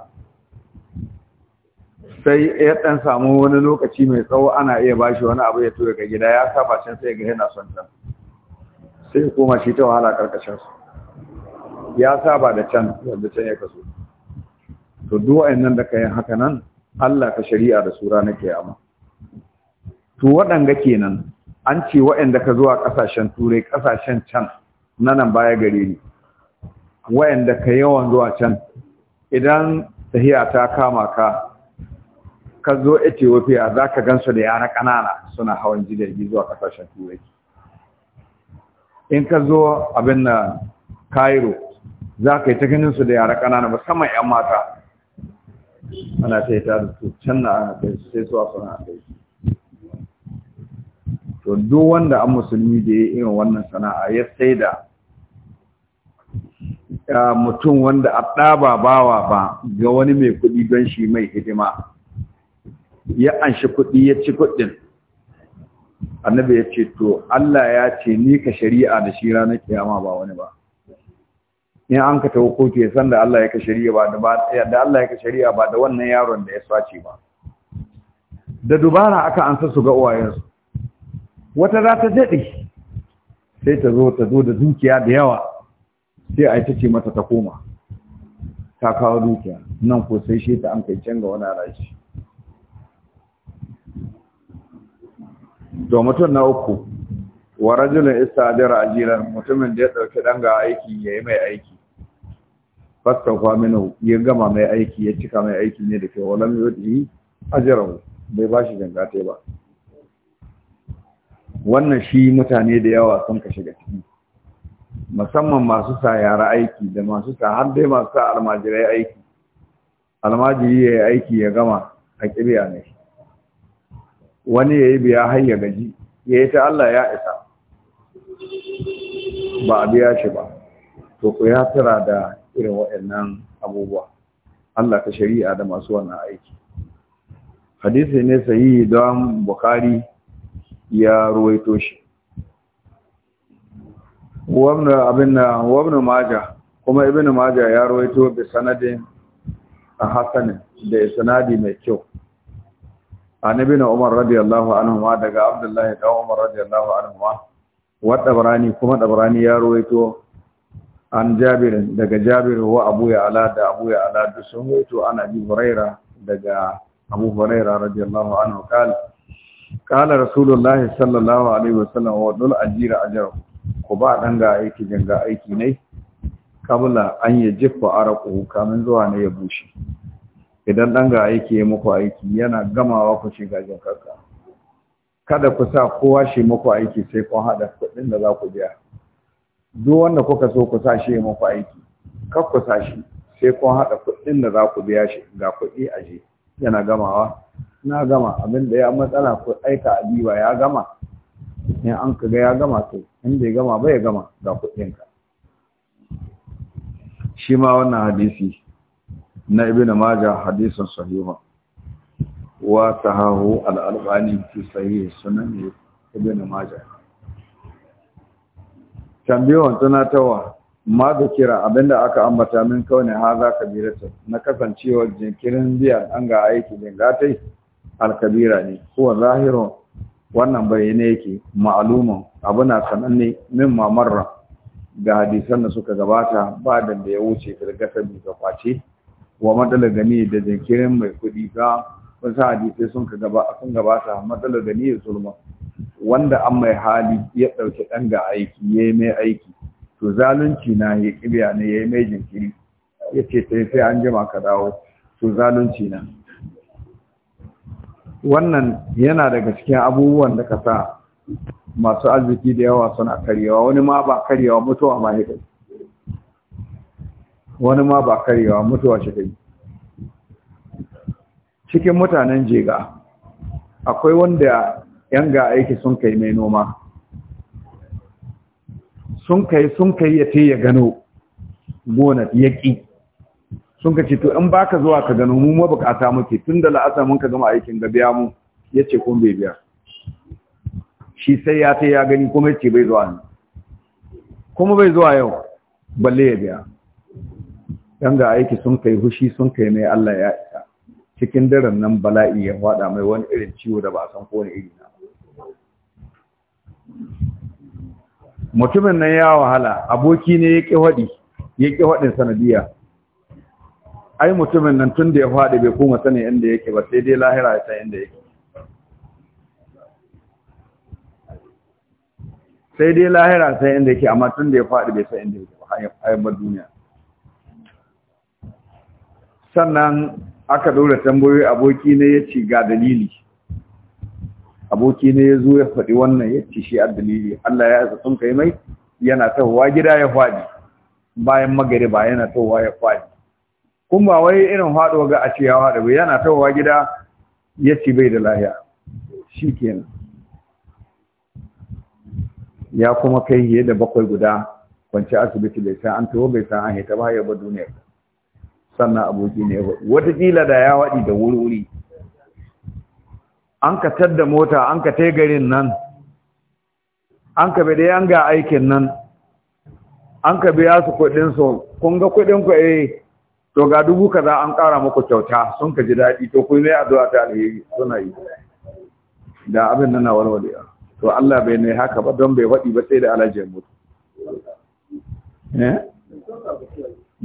sai ya ɗan samu wani lokaci mai tsawo ana iya bashi wani abu ya tura ga gida ya saba can sai ga yana son can sai koma shi ta wahala ƙarƙashin su ya saba da can wanda can ya kaso to duk nan da kayan haka nan Allah ka shari'a da sura na kiyama to waɗanga kenan an ce waɗanda ka zuwa ƙasashen turai ƙasashen can na nan baya gare ni waɗanda ka yawan zuwa can idan tahiya ta kama ka ka zo Ethiopia za ka gansu da yana ƙanana suna hawan jirgi zuwa ƙasashen turai in ka zo abin na Cairo za ka yi ta ganin su da yara ƙanana musamman 'yan mata ana ta yi da su can na ana kai su sai suwa suna kai su to duk wanda an musulmi da ya yi irin wannan sana'a ya sai da mutum wanda a ɗaba bawa ba ga wani mai kuɗi don shi mai hidima ya anshi kuɗi ya ci kuɗin annabi ya ce to Allah ya ce ni ka shari'a da shi ranar kiyama ba wani ba in an ka ta hukunci ya san da Allah ya ka shari'a ba da Allah ya ka shari'a ba da wannan yaron da ya sace ba da dubara aka ansa su ga uwayensu wata za ta daɗe sai ta zo ta zo da dukiya da yawa sai a yi ta ce mata ta koma ta kawo dukiya nan ko sai shi ta an kai can ga wani alaji. to mutum na uku wa rajulun istajira ajiran mutumin da ya dauki dan ga aiki yayi mai aiki fasta fa ya gama mai aiki ya cika mai aiki ne da ke walam yudi ajrahu bai bashi jangate ba wannan shi mutane da yawa sun kashe ga ciki musamman masu sa yara aiki da masu sa har dai masu sa almajirai aiki almajiri ya yi aiki ya gama a kibiya ne wani ya yi biya har ya gaji ya yi ta Allah ya isa ba a biya shi ba to ku ya tura da irin waɗannan abubuwa Allah ka shari'a da masu wannan aiki hadisi ne sahihi don Bukhari ya ruwaito shi wabna abin wabna maja kuma ibn maja ya ruwaito bi sanadin a da sanadi mai kyau annabi na umar radiyallahu anhu ma daga abdullahi da umar radiyallahu anhu wa dabrani kuma dabrani ya ruwaito an jabirin daga jabirin wa abu ya ala da abu ya ala da sun hoto ana bi huraira daga abu huraira radiyallahu anhu kala kala rasulullahi sallallahu alaihi wasallam wa dul ajira ajar ku ba dan ga aiki janga aiki ne kabla an ya jiffa araku kamin zuwa ne ya bushe idan dan ga aiki ya muku aiki yana gamawa ku shiga jin jinkarka kada ku sa kowa shi muku aiki sai kun hada kuɗin da za ku biya duk wanda kuka so ku sa shi muku aiki kar ku sa shi sai kun haɗa kuɗin da za ku biya shi ga kuɗi a je yana gamawa na gama abin da ya matsala ku aika a biwa ya gama in an ka ya gama to in bai gama ba gama ga kuɗinka shi ma wannan hadisi na ibn maja hadisin sahiha wa sahahu al-albani fi sahih sunan ibn maja. tambayon tunatarwa ma da kira abinda aka ambata min kawai ne haza kabirata na kasancewa jinkirin biya an ga aiki gatai alkabira ne kuwa zahiro wannan bayyane yake ma'aluma abu na sananne min mamarra ga hadisan da suka gabata ba da da ya wuce firgasar mai ga kwace wa matsala gani da jinkirin mai kuɗi ga wasu hadisai sun gabata matsala gani da zulma wanda an mai hali ya ɗauki ɗan ga aiki ya yi mai aiki to zalunci na ya ƙibiya ne ya yi mai jinkiri ya ce ta sai an jima ka dawo to zalunci na wannan yana daga cikin abubuwan da ka sa masu arziki da yawa suna karyewa wani ma ba karyewa mutuwa ma ya wani ma ba karyewa mutuwa shi kai cikin mutanen jega akwai wanda yan ga aiki sun kai mai noma sun kai sun kai ya te ya gano gona ya ƙi sun ka ce to in baka zuwa ka gano mu mabukata muke tun da la'asa mun ka gama aikin ga biya mu ya ce kun bai biya shi sai ya ta ya gani kuma ya ce bai zuwa ne kuma bai zuwa yau balle ya biya yan ga aiki sun kai hushi sun kai mai Allah ya isa cikin daren nan bala'i ya faɗa mai wani irin ciwo da ba a san ko wani iri mutumin nan ya wahala aboki ne ya ƙi waɗi ya ƙi haɗin sanadiyya ai mutumin nan tun da ya faɗi bai kuma sanin inda yake ba sai dai lahira ya san inda yake sai dai lahira san inda yake amma tun da ya faɗi bai san inda yake ba hayabar duniya sannan aka ɗora tambayoyi aboki ne ya ci ga dalili aboki ne ya zo ya faɗi wannan ya ci shi addalili Allah ya isa sun kai mai yana tahowa gida ya faɗi bayan magariba yana tahowa ya faɗi kun ba wai irin faɗo ga a ce ya faɗi ba yana tahowa gida ya ci bai da lahiya shi kenan ya kuma kai hiye da bakwai guda kwanci asibiti da sai an tawo bai san an hita ba ya ba duniya sannan aboki ne ya faɗi da ya faɗi da wuri-wuri an ka tadda mota an ka tai garin nan an ka bi da ga aikin nan an ka biya su kuɗin su kun ga kuɗin ku eh to ga dubu kaza an ƙara muku kyauta sun ka ji daɗi to ku ne addu'a ta alheri suna yi da abin nan na walwale to Allah bai ne haka ba don bai faɗi ba sai da alajin mutu eh?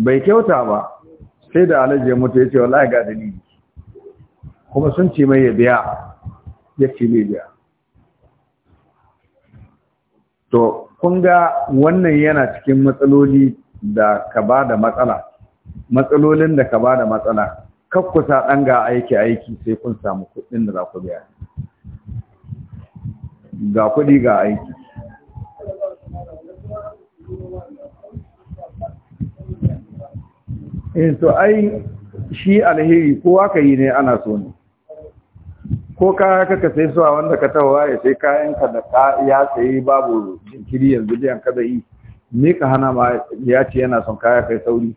bai kyauta ba sai da alajin mutu ya ce wallahi ga dalili kuma sun ce mai ya biya yake biya to kun ga wannan yana cikin matsaloli da ka ba da matsala matsalolin da ka ba da matsala kakkusa ɗan ga aiki aiki sai kun samu kuɗin da za ku biya ga kuɗi ga aiki In eh, ai shi alheri kowa ka yi ne ana so ne ko kaya kaka sai suwa wanda ka tawa ya sai kayan ka da ya sai babu jinkiri yanzu biyan ka yi, ni ka hana ma ya ce yana son kaya kai sauri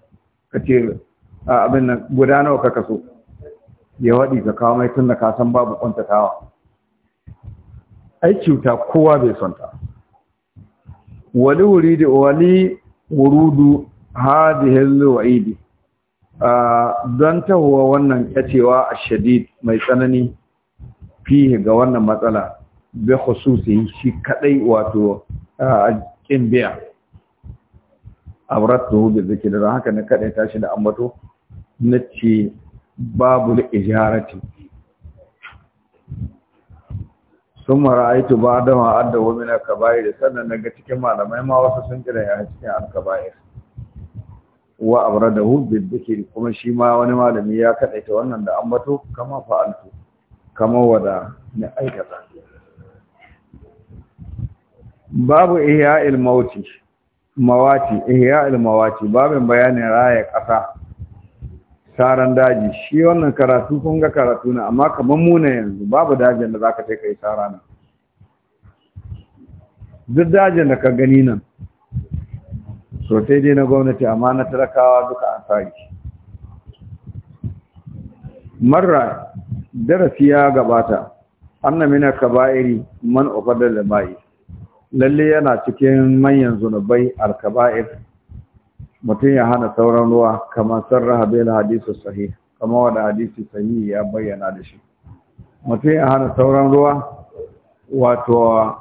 ka ce abin nan guda nawa ka kaso ya waɗi ka kawo mai tun da ka san babu kwantatawa ai cuta kowa bai son ta wali wuri da wali wurudu hadihil wa'idi don tahowa wannan yacewa a shadid mai tsanani fihi ga wannan matsala bi khususi shi kadai wato kin biya abratu da zake da haka na kadai tashi da ambato nace babu ijarati sun mara'aitu ba da ma'adda wa mina kaba'ir sannan ga cikin malamai ma wasu sun kira ya cikin al-kaba'ir wa abradahu bi dhikri kuma shi ma wani malami ya kadaita wannan da ambato kama fa'altu kamar wada na aikata babu ihya ilmawaci mawati ihya babin bayanin raya ƙasa saran daji shi wannan karatu kun ga karatu na amma kamar muna yanzu babu dajin da za ka kai sara nan duk dajin da ka gani nan sosai dai na gwamnati amma na talakawa duka an sari marra darasi ya gabata anna mina kaba'iri man ufadda da ba'i lalle yana cikin manyan zunubai al-kaba'ir mutum ya hana sauran ruwa kamar sarraha bil hadisu sahih kamar wanda hadisi sahihi ya bayyana da shi mutum ya hana sauran ruwa wato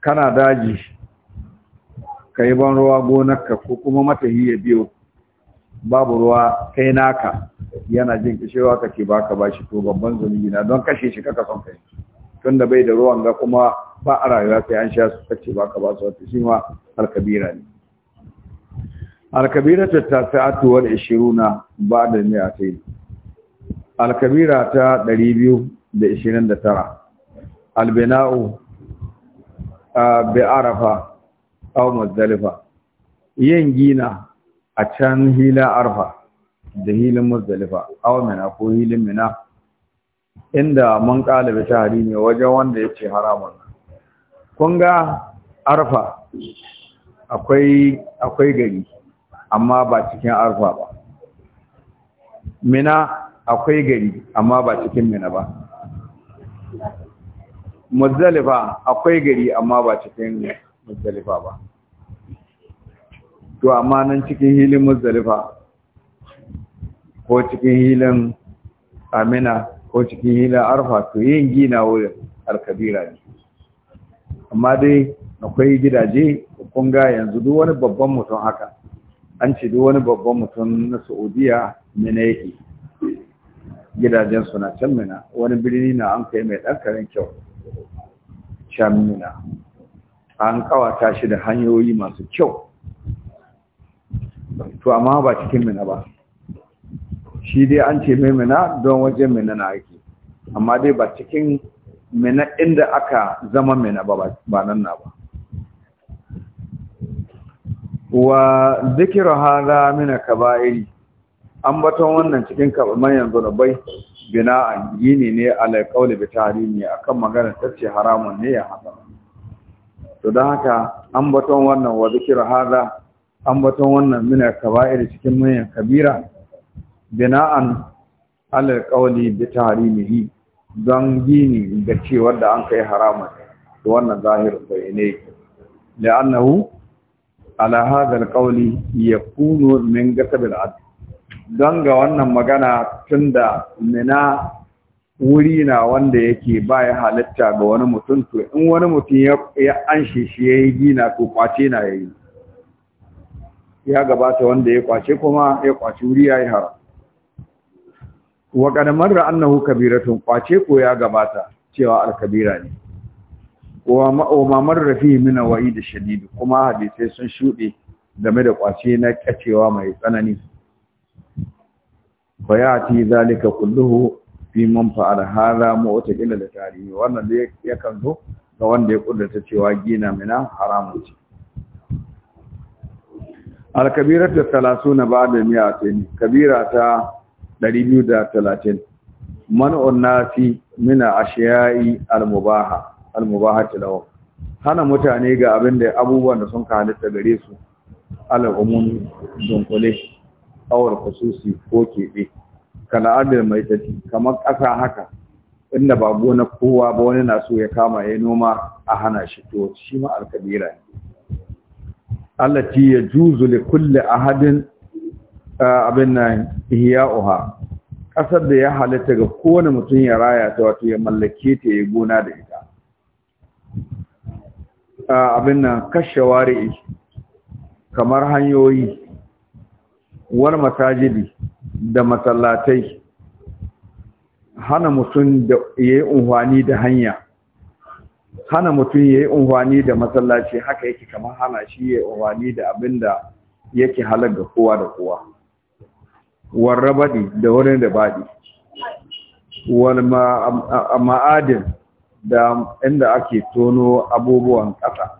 kana daji ka yi ban ruwa gonarka ko kuma matahi ya biyo babu ruwa kai naka yana jin kishewa kake baka bashi to babban zunubi na don kashe shi kaka son kai tunda bai da ruwan ga kuma ba a rayuwa sai an sha su kace baka ba su wata shi ma alkabira ne alkabira ta tasa'atu wal 20 ba'da mi'atayn alkabira ta 229 albina'u bi arafa aw muzdalifa yin gina a can hila arfa da hilin muzdalifa awa mina ko hilin mina inda mun kalabe ta hari ne wajen wanda ya ce haramun kun ga arfa akwai akwai gari amma ba cikin arfa ba mina akwai gari amma ba cikin mina ba muzdalifa akwai gari amma ba cikin muzdalifa ba to amma nan cikin hilin muzdalifa ko cikin hilin amina ko cikin hilin arfa to yin gina wurin alkabira ne amma dai akwai gidaje kunga yanzu duk wani babban mutum haka an ce duk wani babban mutum na saudiya mina yake gidajen suna can mina wani birni na an kai mai ɗankarin kyau can mina an kawata shi da hanyoyi masu kyau to amma ba cikin mina ba shi dai an ce mai mina don wajen mina na ake amma dai ba cikin mina inda aka zama mina ba nan na ba wa zikiru hada mina kaba'iri baton wannan cikin kabaman yanzu da bai a gini ne a kauli bi a kan magana tace haramun ne ya haka to don haka an baton wannan wa zikiru hada An ambaton wannan mina kaba'ir cikin manyan kabira bina'an alal qawli bi tahrimihi don gini da cewar da an kai haramun to wannan zahirin ne. la'annahu ala hadha alqawli yakunu min ghasab ad don ga wannan magana tunda mina wuri na wanda yake baya halitta ga wani mutum to in wani mutum ya anshi shi yayi gina to kwace na yayi ya gabata wanda ya kwace kuma ya kwaci wuri ya yi haram wa da annahu kabiratun kwace ko ya gabata cewa alkabira ne wa mamar rafi mina wa'i da shadidu kuma hadisai sun shuɗe game da kwace na kacewa mai tsanani bayati zalika kulluhu fi man fa'ala hadha mu'taqila da tarihi wannan da yakan zo ga wanda ya ta cewa gina mina haramun ce alkabirar da talasu na ba da miya a kabira ta 230 man'un nasi mina ashiyayi Al-Mubaha tilawa hana mutane ga abin da abubuwan da sun ka halitta gare su al'umun dunkule awar kususi ko keɓe kala'adar mai tafi kamar ƙasa haka inda ba gona kowa ba wani na so ya kama ya noma a hana shi to shi ma alkabira ne allati juzu li kulli ahadin abin nan uha. kasar da ya halatta ga kowane mutum ya raya ta wato ya mallake ta ya gona da ita abin nan kashe wari'i kamar hanyoyi war masajidi da masallatai hana mutum da ya yi da hanya hana mutum ya yi unhwani da masallaci haka yake kamar hana shi ya yi unhwani da abin da yake halar ga kowa da kowa warrabaɗi da wurin da baɗi wani ma'adin da inda ake tono abubuwan ƙasa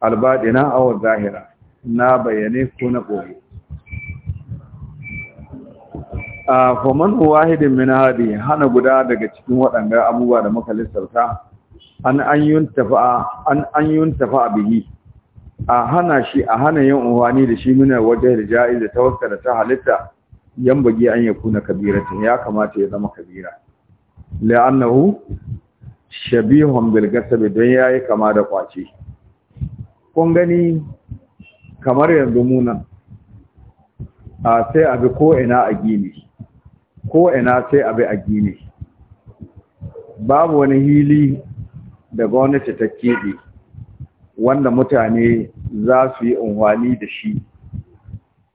Albaɗi na awon zahira na bayyane ko na ɓoye a faman wahidin min hadi hana guda daga cikin waɗanda abubuwa da muka lissauta an an yuntafa an an yuntafa bihi a hana shi a hana yin uwani da shi muna da jaiz da tawakkala ta halitta yan bagi an na kabiratin ya kamata ya zama kabira la'annahu shabihun bil gasab don yayi kama da kwace kun gani kamar yanzu munan a sai abi ko ina a gini ko ina sai abi a gini babu wani hili da gwamnati ta keɓe wanda mutane za su yi unhwani da shi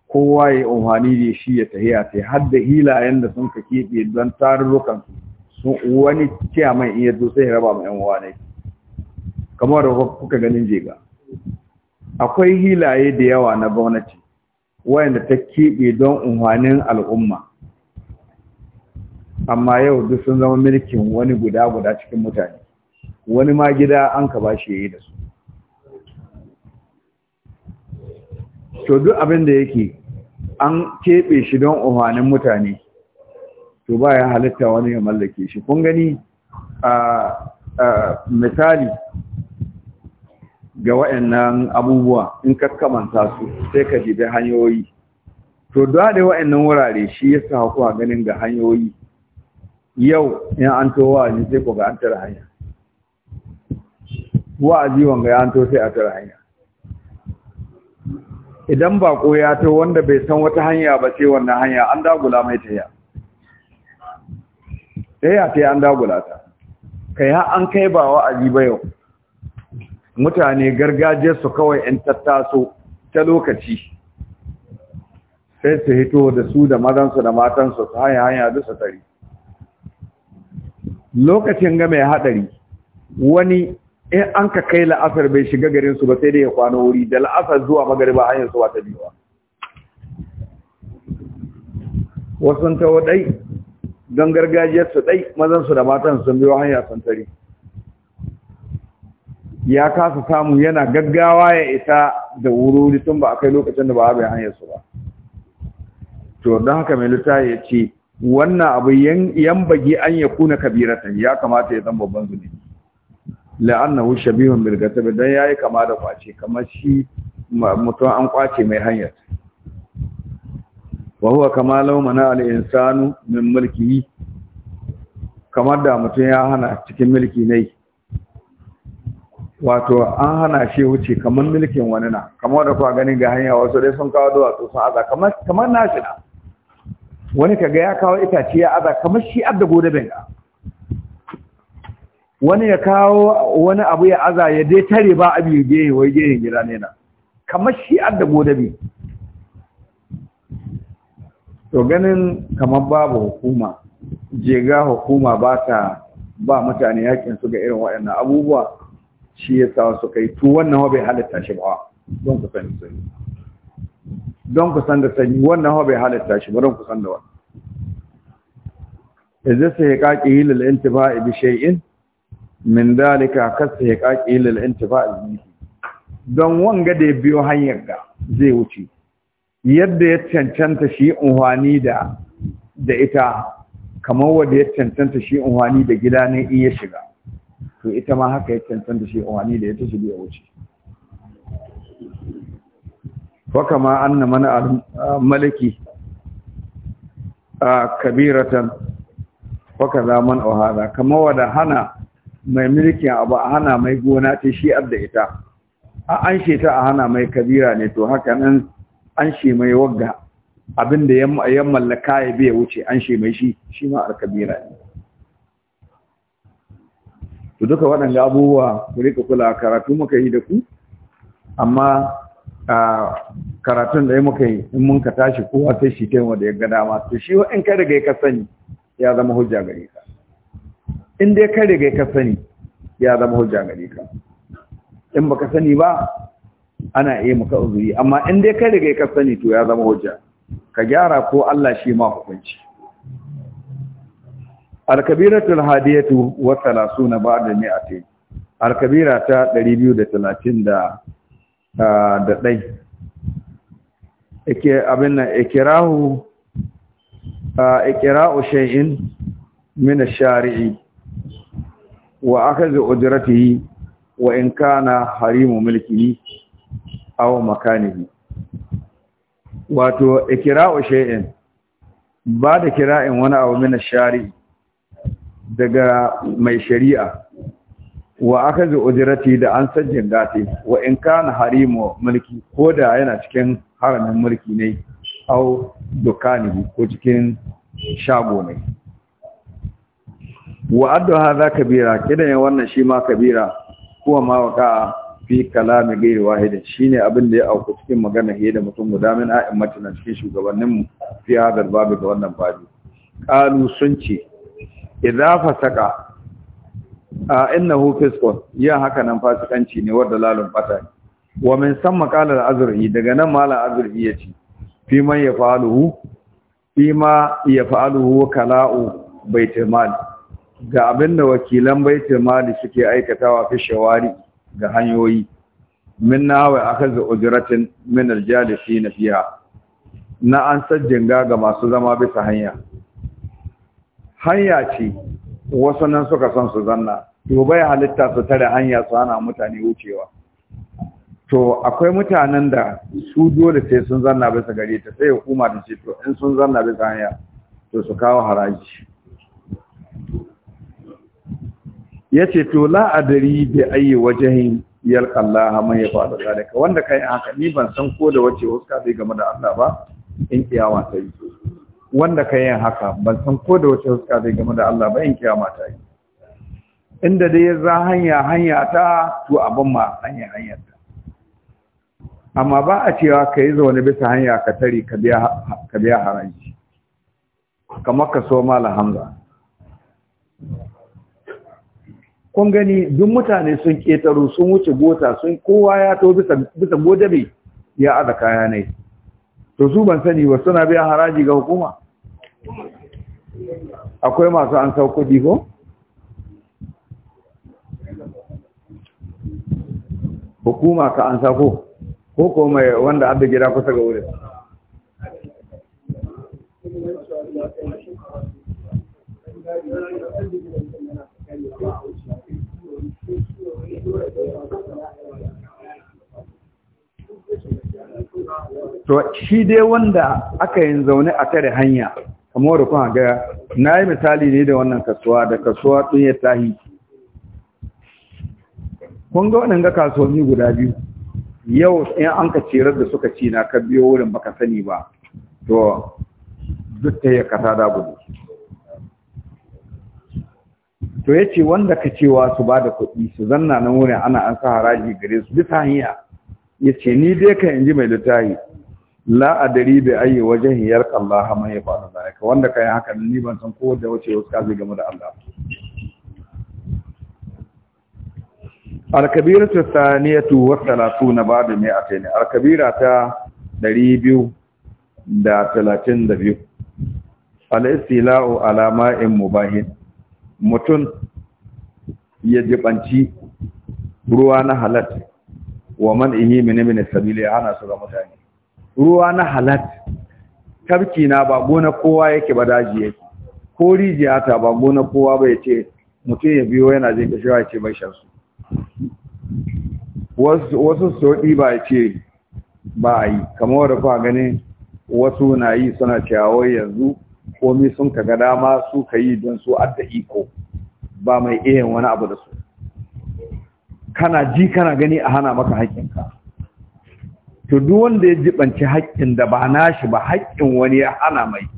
kowa ya yi unhwani da shi ya tahiya sai har da hilayen da sun ka keɓe don tarurrukan sun wani ciyaman in yadda sai raba ma 'yan uwa ne kamar da kuka ganin jega akwai hilaye da yawa na gwamnati wayanda ta keɓe don unhwanin al'umma amma yau duk sun zama mulkin wani guda guda cikin mutane wani ma gida an ka ya yayi da su to duk abin da yake an keɓe shi don umarnin mutane to ba ya halitta wani ya mallake shi kun gani a misali ga waɗannan abubuwa in kakkamanta su sai ka da hanyoyi to da da waɗannan wurare shi ya sa ku a ganin ga hanyoyi yau in an towa ne sai ku ga an tara hanya wa'azi wanga ya hanto sai a tara hanya idan bako ya to wanda bai san wata hanya ba sai wannan hanya an dagula mai taya ya sai an dagula ta kai har an kai ba wa'azi ba yau mutane gargajiyar su kawai in tattaso ta lokaci sai su hito da su da mazansu da matansu su haya hanya duk su tari lokacin ga mai haɗari wani in an ka kai la'asar bai shiga garin su ba sai dai ya kwana wuri da la'asar zuwa magariba hanyar su wata biyuwa wasu ta wadai don gargajiyar su dai mazan su da matan sun biyo hanyar sun ya kasa samu yana gaggawa ya isa da wuri tun ba a kai lokacin da ba a bai hanyar su ba to don haka mai littafi ya ce wannan abu yan bagi an ya kuna kabiratan ya kamata ya zama babban zunubi la'annahu shabihun bil gatab dan yayi kama da kwace kamar shi mutum an kwace mai hanyar wa huwa kama law mana al insanu min mulkihi kamar da mutum ya hana cikin mulki ne wato an hana shi wuce kamar mulkin wani na kamar da kwa ganin ga hanya wasu dai sun kawo su sun aza kamar kamar nashi na wani kaga ya kawo itace ya aza kamar shi adda gode benga wani ya kawo wani abu ya aza ya dai tare ba abu gehe wai gehen gida ne na kamar shi gode bi to ganin kamar babu hukuma jega hukuma ba ta ba mutane yakin su ga irin waɗannan abubuwa shi ya sa su kai tu wannan hobe halitta shi ba don ku sani sani don ku san da sani wannan hobe halitta shi ba don ku san da wannan idza sai kaqi lil intifa'i bi shay'in min dalika kasu ya ƙaƙi lil intifa don wanga da ya biyo hanyar ga zai wuce yadda ya cancanta shi unhwani da da ita kamar wadda ya cancanta shi unhwani da gida ne in ya shiga to ita ma haka ya cancanta shi unhwani da ya shi ya wuce fa kama anna mana maliki a kabiratan fa kaza man au hada kama hana mai mulkin abu a hana mai gona ta shi da ita an she ta a hana mai kabira ne to haka nan an she mai wagga Abin da ya mallaka ya biya wuce an she mai shi shi ma a kabira ne to duka waɗanda abubuwa ku rika kula karatu muka yi da ku amma karatun da ya muka yi in mun ka tashi kowa sai shi taimaka da ya gada dama to shi wa in ka daga ka sani ya zama hujja gare ka in dai ka riga ka sani ya zama hujja gare ka in baka sani ba ana iya maka uzuri amma in dai ka riga ka sani to ya zama hujja ka gyara ko Allah shi ma hukunci al-kabiratul hadiyatu wa 30 ba'da mi'ati al-kabira ta 230 da da dai yake abin nan ikirahu ikira'u shay'in min ash-shari'i wa akhadhu ujratihi wa in kana harimu mulkihi aw makanihi wato ikra'u shay'in ba da kira'in wani abu min shari daga mai shari'a wa akhadhu ujrati da an sajjin gati wa in kana harimu mulki ko da yana cikin haramin mulki ne a dukani ko cikin shago ne wa addu hadha kabira kidan wannan shi ma kabira kuwa ma waka fi kalami gairi wahidin shine abin da ya auku cikin magana hiye da mutum guda min a'in na cikin shugabannin mu fi hadal babu da wannan babu qalu sun ce idza fasaka a innahu fisqun ya haka nan fasikanci ne wanda lalun fata wa min samma qala al-azri daga nan mala azri yace fi man yafaluhu fi ma yafaluhu kala'u baitul mal ga abin da wakilan baitul mali suke aikatawa fi shawari ga hanyoyi min wa akaza ujratin min aljalisin fiha na an sajjin ga masu zama bisa hanya hanya ce wasu nan suka son su zanna to bai halitta su tare hanya su hana mutane wucewa to akwai mutanen da su dole sai sun zanna bisa gare ta sai hukuma da ce to in sun zanna bisa hanya to su kawo haraji Ya ce to la adari bi ayi wajhin yalqa Allah man yafa'al zalika wanda kai haka ni ban san ko da wace huska zai game da Allah ba in kiyama ta yi wanda kai yin haka ban san ko da wace huska zai game da Allah ba in kiyama ta yi inda dai ya za hanya hanya ta to abin ma hanya hanya ta amma ba a cewa ka yi zaune bisa hanya ka tare ka biya haraji kamar ka so mala hamza kun gani duk mutane sun ƙetaro sun wuce gota sun kowa ya to bisa godabe ya aza kaya ne to su ban sani ba suna biya haraji ga hukuma akwai masu an sau kudi ko? hukuma ka an sako ko ko mai wanda abda gida kusa ga wurin to shi dai wanda aka yin zaune a tare hanya kamar da kuma ga na yi misali ne da wannan kasuwa da kasuwa tun ya tahi kun ga wannan ga kasuwanni guda biyu yau in an ka cirar da suka ci na ka biyo wurin baka sani ba to duk ta yi kasa da gudu to ya ce wanda ka cewa su ba da kuɗi su zanna na wurin ana an sa haraji gare su bisa hanya ya ce ni dai ka yanji mai littafi la adari bi ayi wajen yarka Allah ma ya zalika wanda kai haka ni ban san ko da wace wasu kazi game da Allah al ta thaniyatu wa 30 ba'da mi'atayn al-kabira ta 232 al-istila'u ala ma'in mubahin mutun ya jibanci ruwa na halal wa man ihi min min sabili ana su ga mutane ruwa na halat tabki na ba gona kowa yake ba daji yake ko rijiya ta ba gona kowa ba yace mutum ya biyo yana jin kishiwa yace bai shan su wasu sodi ba yace ba yi kamar da kuma ganin wasu na yi suna cewa yanzu komi sun ka ga dama su ka yi don su adda iko ba mai iya wani abu da su kana ji kana gani a hana maka haƙƙinka to duk wanda ya jibanci haƙƙin da ba nashi ba haƙƙin wani ya hana mai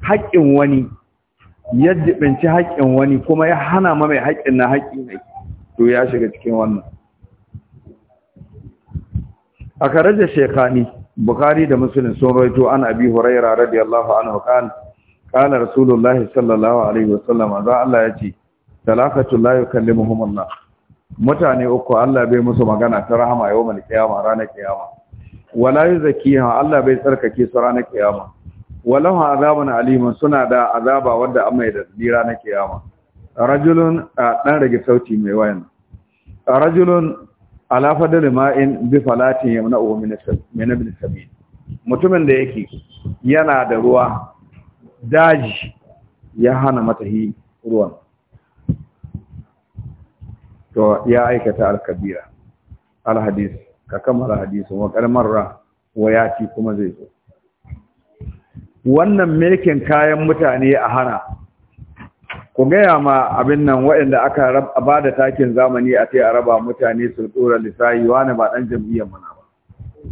haƙƙin wani ya jibanci haƙƙin wani kuma ya hana ma mai haƙƙin na haƙƙi mai to ya shiga cikin wannan a karajar shekani bukari da musulun sun raito an abi huraira radiyallahu anhu kan kana rasulullahi sallallahu alaihi wasallam za Allah ya ce talakatu la yukallimuhum Allah mutane uku Allah bai musu magana ta rahama yau mal kiyama ranar kiyama wala yuzakiha Allah bai tsarkake su ranar kiyama walahu azabun aliman suna da azaba wanda mai da dira na kiyama rajulun dan rage sauti mai wayan rajulun ala fadl ma'in bi falatin yamna'u min min sabil mutumin da yake yana da ruwa daji ya hana mata hi ruwan to ya aikata al-kabira al-hadis ka kammala hadisin wa kalmarra wa yati kuma zai zo wannan milkin kayan mutane a hana ku gaya ma abin nan waɗanda aka ba da takin zamani a sai a raba mutane su tsora lissayi wane ba ɗan jam'iyyar muna ba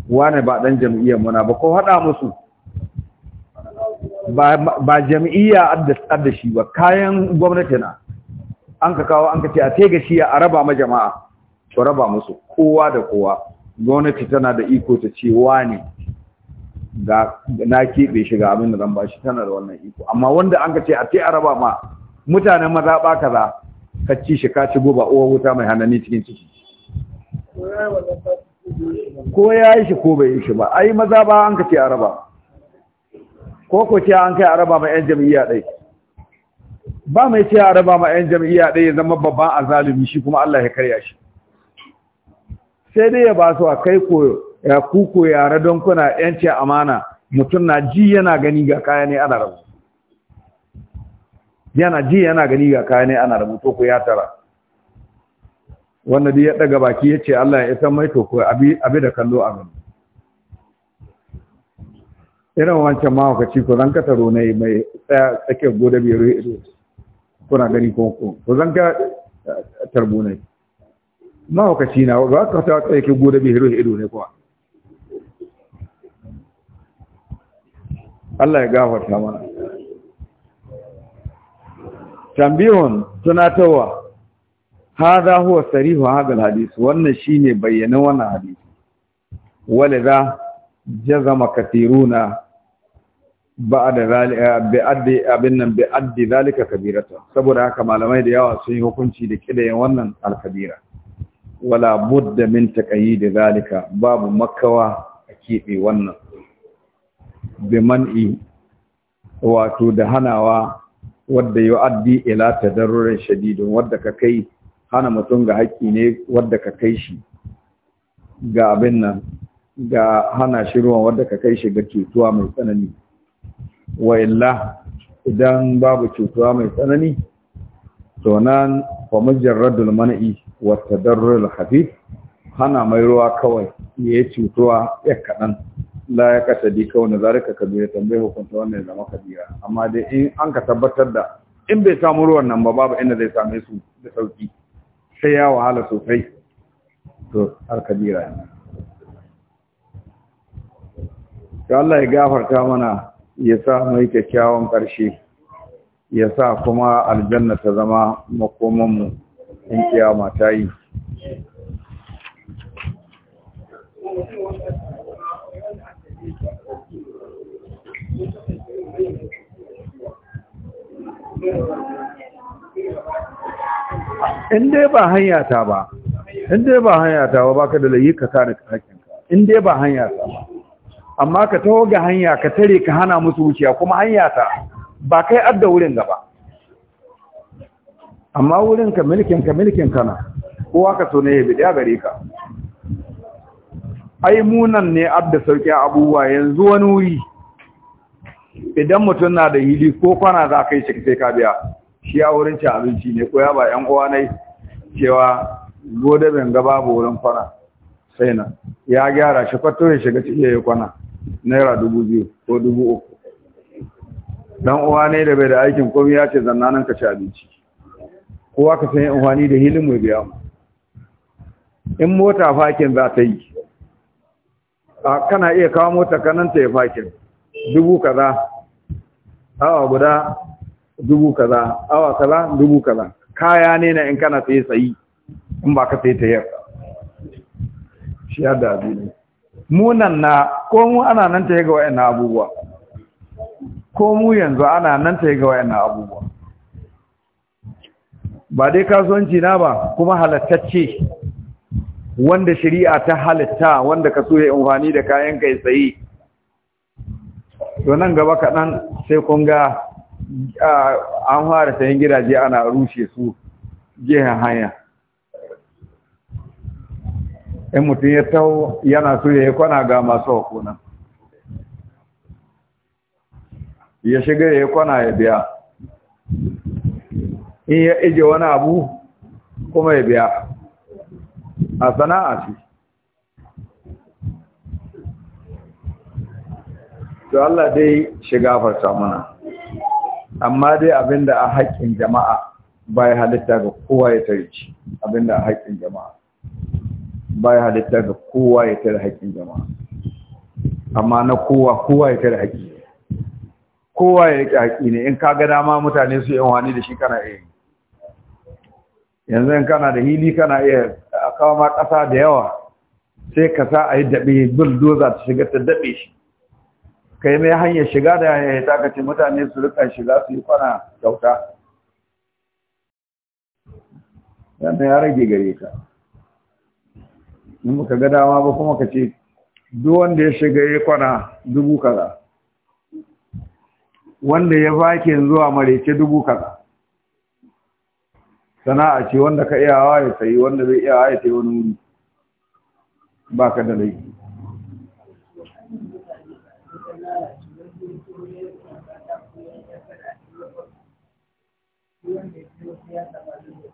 wane ba ɗan jam'iyyar muna ba ko haɗa musu ba jam'iyya adda shi ba kayan gwamnati na an ka kawo an ka ce a ce gashi a raba ma jama'a to raba musu kowa da kowa gwamnati tana da iko ta ce wani ga na keɓe shi ga abin da zan bashi tana da wannan iko amma wanda an ka ce a ce a raba ma mutanen maza ba kaza ka ci shi ka ci goba uwa wuta mai hannani cikin ciki ko ya yi shi ko bai yi shi ba ai maza ba an ka ce a raba ko ko ce an kai a raba ma yan jam'iyya ɗai ba mai ce a raba ma 'yan jam'iyya ɗaya zama babban azalumi shi kuma Allah ya karya shi sai dai ya ba su a kai ko ya kuko yare don kuna 'yanci amana mutum na ji yana gani ga kaya ne ana rabu yana ji yana gani ga kaya ne ana rabu to ku ya tara wanda dai ya daga baki ya ce Allah ya isa mai to ku abi da kallo a gani irin wancan mahaukaci ku zan na yi mai tsakiyar gode biyar ido kuna gani ko ko to zan ga eh, tarbo ne ma haka shi na ba ka ta tsaye ke gode bi ido ne kuwa Allah ya gafarta mana tambihun tunatawa hadha huwa sarihu hadha alhadith wannan shine bayyana wannan hadisi walaza jazama katiruna ba da abin nan zalika kabirata saboda haka malamai da yawa sun yi hukunci da kidayen wannan alkabira wala budda min da zalika babu makawa a kebe wannan bi man'i wato da hanawa wadda addi ila tadarrurin shadidin wadda ka kai hana mutum ga haƙƙi ne wadda ka kai shi ga abin nan ga hana shi ruwan wadda ka kai shi ga cutuwa mai tsanani wa illa idan babu cutuwa mai tsanani to nan fa mujarradul man'i wa tadarrul hafif hana mai ruwa kawai ya cutuwa ya kaɗan la ya kasa di kawai na zarika biya tambayi hukunta wannan ya zama kabira amma dai in an ka tabbatar da in bai samu ruwan nan ba babu inda zai same su da sauki sai ya wahala sosai to har kabira ne Allah ya gafarta mana ya sa mai kyakkyawan ƙarshe ya sa kuma aljanna ta zama makomanmu in kiyama ta yi in dai ba hanya ta ba in ba hanya ta ba baka da layi ka kare hakinka in dai ba hanya ta ba amma ka taho ga hanya ka tare ka hana musu wuciya kuma hanya ta ba kai adda wurin gaba amma wurin ka milkin ka milkin kana kowa ka so ne ya bidiya gare ka ai munan ne adda sauki abubuwa yanzu wani wuri idan mutum na da hili ko kwana za ka yi shi sai ka biya shi a wurin cin abinci ne ko ya ba yan uwa nai cewa gode ban ga babu wurin kwana sai nan ya gyara shi kwato shiga ciki ya yi kwana naira dubu biyu ko dubu uku Don uwa ne da bai da aikin komi ya ce zanna nan ka ci abinci kowa ka san uwani da hilin mai biya mu in mota fakin za ta yi kana iya kawo mota kanan ta yi fakin dubu kaza awa guda dubu kaza awa kaza dubu kaza kaya ne na in kana sai sayi in ba ka sai ta yarda shi munan na ko mu ana nan ta ga wayannan abubuwa ko mu yanzu ana nan ta ga wayannan abubuwa ba dai kasuwanci na ba kuma halattacce wanda shari'a ta halitta, wanda ka so ya amfani da kayan kai Do to nan gaba kaɗan sai kun ga an fara sayan gidaje ana rushe su jihar hanya in ya tau yana so ya yi kwana ga masu hakuna ya shiga ya yi kwana ya biya in ya ije wani abu kuma ya biya a sana'a ce to Allah dai shiga farta mana amma dai abinda a haƙƙin jama'a bai halitta ga kowa ya tarci abinda a haƙƙin jama'a baya halitta ga kowa ya tare haƙƙin jama'a amma na kowa kowa ya tare haƙƙi kowa ya riƙe haƙƙi ne in ka ga dama mutane su yi wani da shi kana iya yanzu in kana da hili kana iya a kawo ma ƙasa da yawa sai ka sa a yi daɓe buldoza ta shiga ta daɓe shi kai mai hanyar shiga da ya kace mutane su riƙa shiga su yi kwana kyauta Yanzu ya rage gare ka in baka ga dama ba kuma ka ce duk wanda ya shiga ya kwana dubu kaza wanda ya baki zuwa marece dubu kaza sana'a ce wanda ka iyawa ya sayi wanda bai iyawa ya sayi wani wuri ba ka da laifi Thank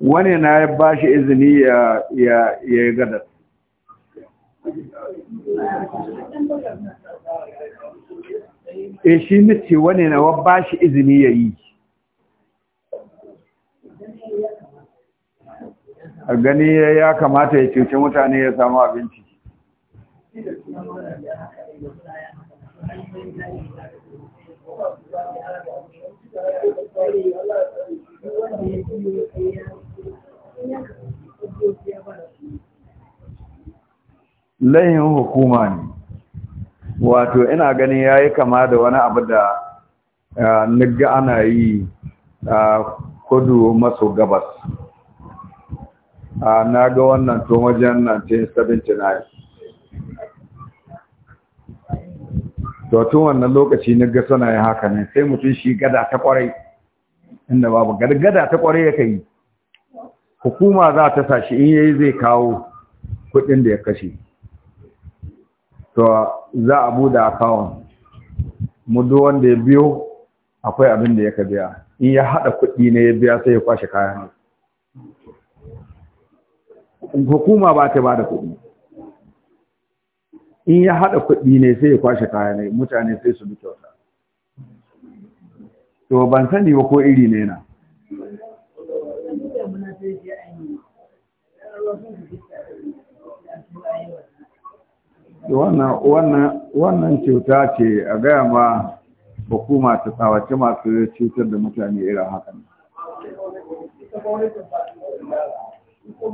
wani na ya ba shi izini ya yi gadar e shi mace wani na wa ba shi izini ya yi a gani ya kamata ya cuci mutane ya samu abinci Thank you. layin hukuma ne wato ina ganin yi kama da wani abu da niga ana yi kudu maso gabas na ga wannan tun wajen 1979 to tun wannan lokaci niga suna yi haka ne sai mutum shi gada ta kwarai inda babu gada ta kwarai ya kai hukuma za ta sashi in yayi zai kawo kudin da ya kashe to za a bude account mu duk wanda ya biyo akwai abin da ya ka biya in ya hada kudi ne ya biya sai ya kwashe kayan hukuma ba ta bada kudi in ya hada kudi ne sai ya kwashe kayan mutane sai su bi kyauta to ban sani ba ko iri ne na wannan cuta ce a gaya ma hukuma ta tsawace masu cutar da mutane irin hakan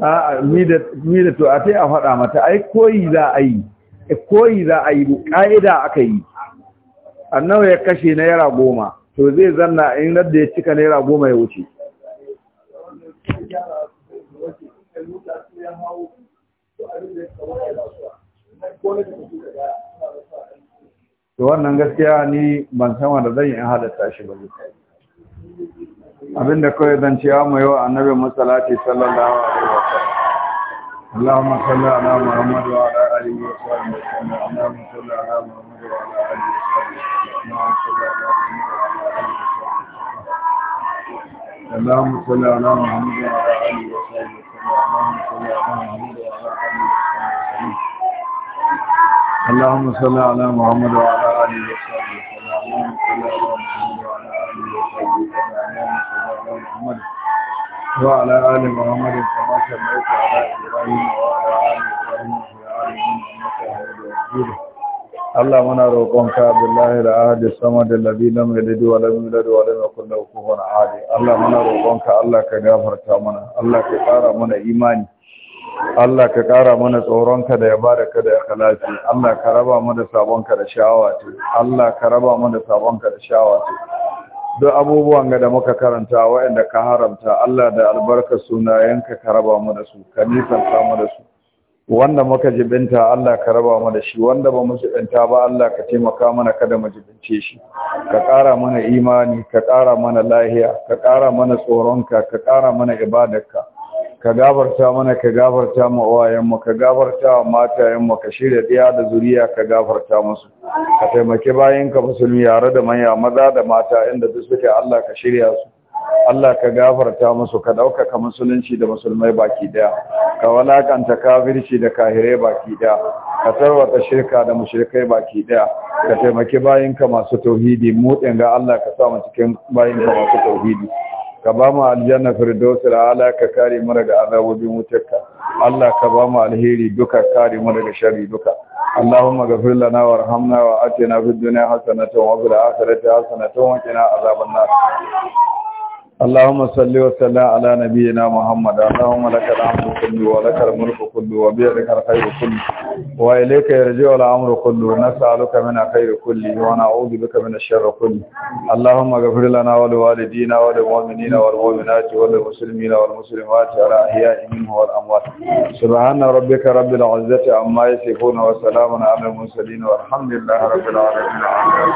a mi da to a ta yi a faɗa mata ai koyi za a yi e, koyi za a yi ƙa'ida aka yi annawa ya kashe naira goma to zai zanna in radda ya cika naira goma ya wuce ya to abin da ya kawo ya rasuwa da to wannan gaskiya ni ban san wanda zan yi in halatta shi ba abinda kawai zan ce ya wa annabi masalati sallallahu alaihi wasallam اللهم صل على محمد وعلى اله وصحبه وسلم اللهم صل على محمد وعلى اله وصحبه اللهم صل على محمد وعلى اله وصحبه اللهم صل على محمد وعلى اله اللهم صل على محمد وعلى آل محمد اللهم صل على محمد وعلى آله وصحبه اللهم صل على محمد وعلى آله وصحبه اللهم صل على محمد وعلى آل محمد كما صليت على إبراهيم وعلى آل إبراهيم في العالمين إنك حميد مجيد اللهم انا روقك بالله العهد الصمد الذي لم يلد ولم يولد ولم يكن Allah muna roƙonka Allah ka gafarta mana Allah ka ƙara mana imani Allah ka ƙara mana tsoronka da ya bada ka da ya kalafi Allah ka raba mu sabonka da sha'awa ce Allah ka raba mu sabonka da sha'awa ce duk abubuwan ga da muka karanta waɗanda ka haramta Allah da suna sunayenka ka raba mu da su ka nisan mu da su wanda muka jibinta Allah ka raba mu da shi wanda ba mu jibinta ba Allah ka taimaka mana kada mu jibince shi ka kara mana imani ka kara mana lahiya ka kara mana tsoronka ka ƙara mana ibadarka ka gafarta mana ka gafarta wayan mu ka gafarta wa matayenmu ka shirya ɗaya da zuriya ka gafarta musu ka taimaki bayan ka musulmi yare da manya maza da mata inda duk suke Allah ka shirya su Allah ka gafarta musu ka ɗaukaka musulunci da musulmai baki daya ka walakanta kafirci da kahirai baki daya ka tarwata shirka da mushrikai baki daya ka taimaki bayinka masu tauhidi mu ga Allah ka sa mu cikin bayinka masu tauhidi ka ba mu aljanna firdausul ala ka kare mu daga azabobin ka. Allah ka ba mu alheri duka kare mu daga sharri duka Allahumma ghafir lana warhamna wa atina fid dunya hasanatan wa fil akhirati hasanatan wa qina اللهم صل وسلم على نبينا محمد اللهم لك الامر كله ولك الملك كله وبيدك الخير كله واليك يرجع الامر كله نسالك من الخير كله ونعوذ بك من الشر كله اللهم اغفر لنا ولوالدينا وللمؤمنين والمؤمنات وللمسلمين والمسلمات على احياء منه والاموات سبحان ربك رب العزه عما يصفون وسلام على المرسلين والحمد لله رب العالمين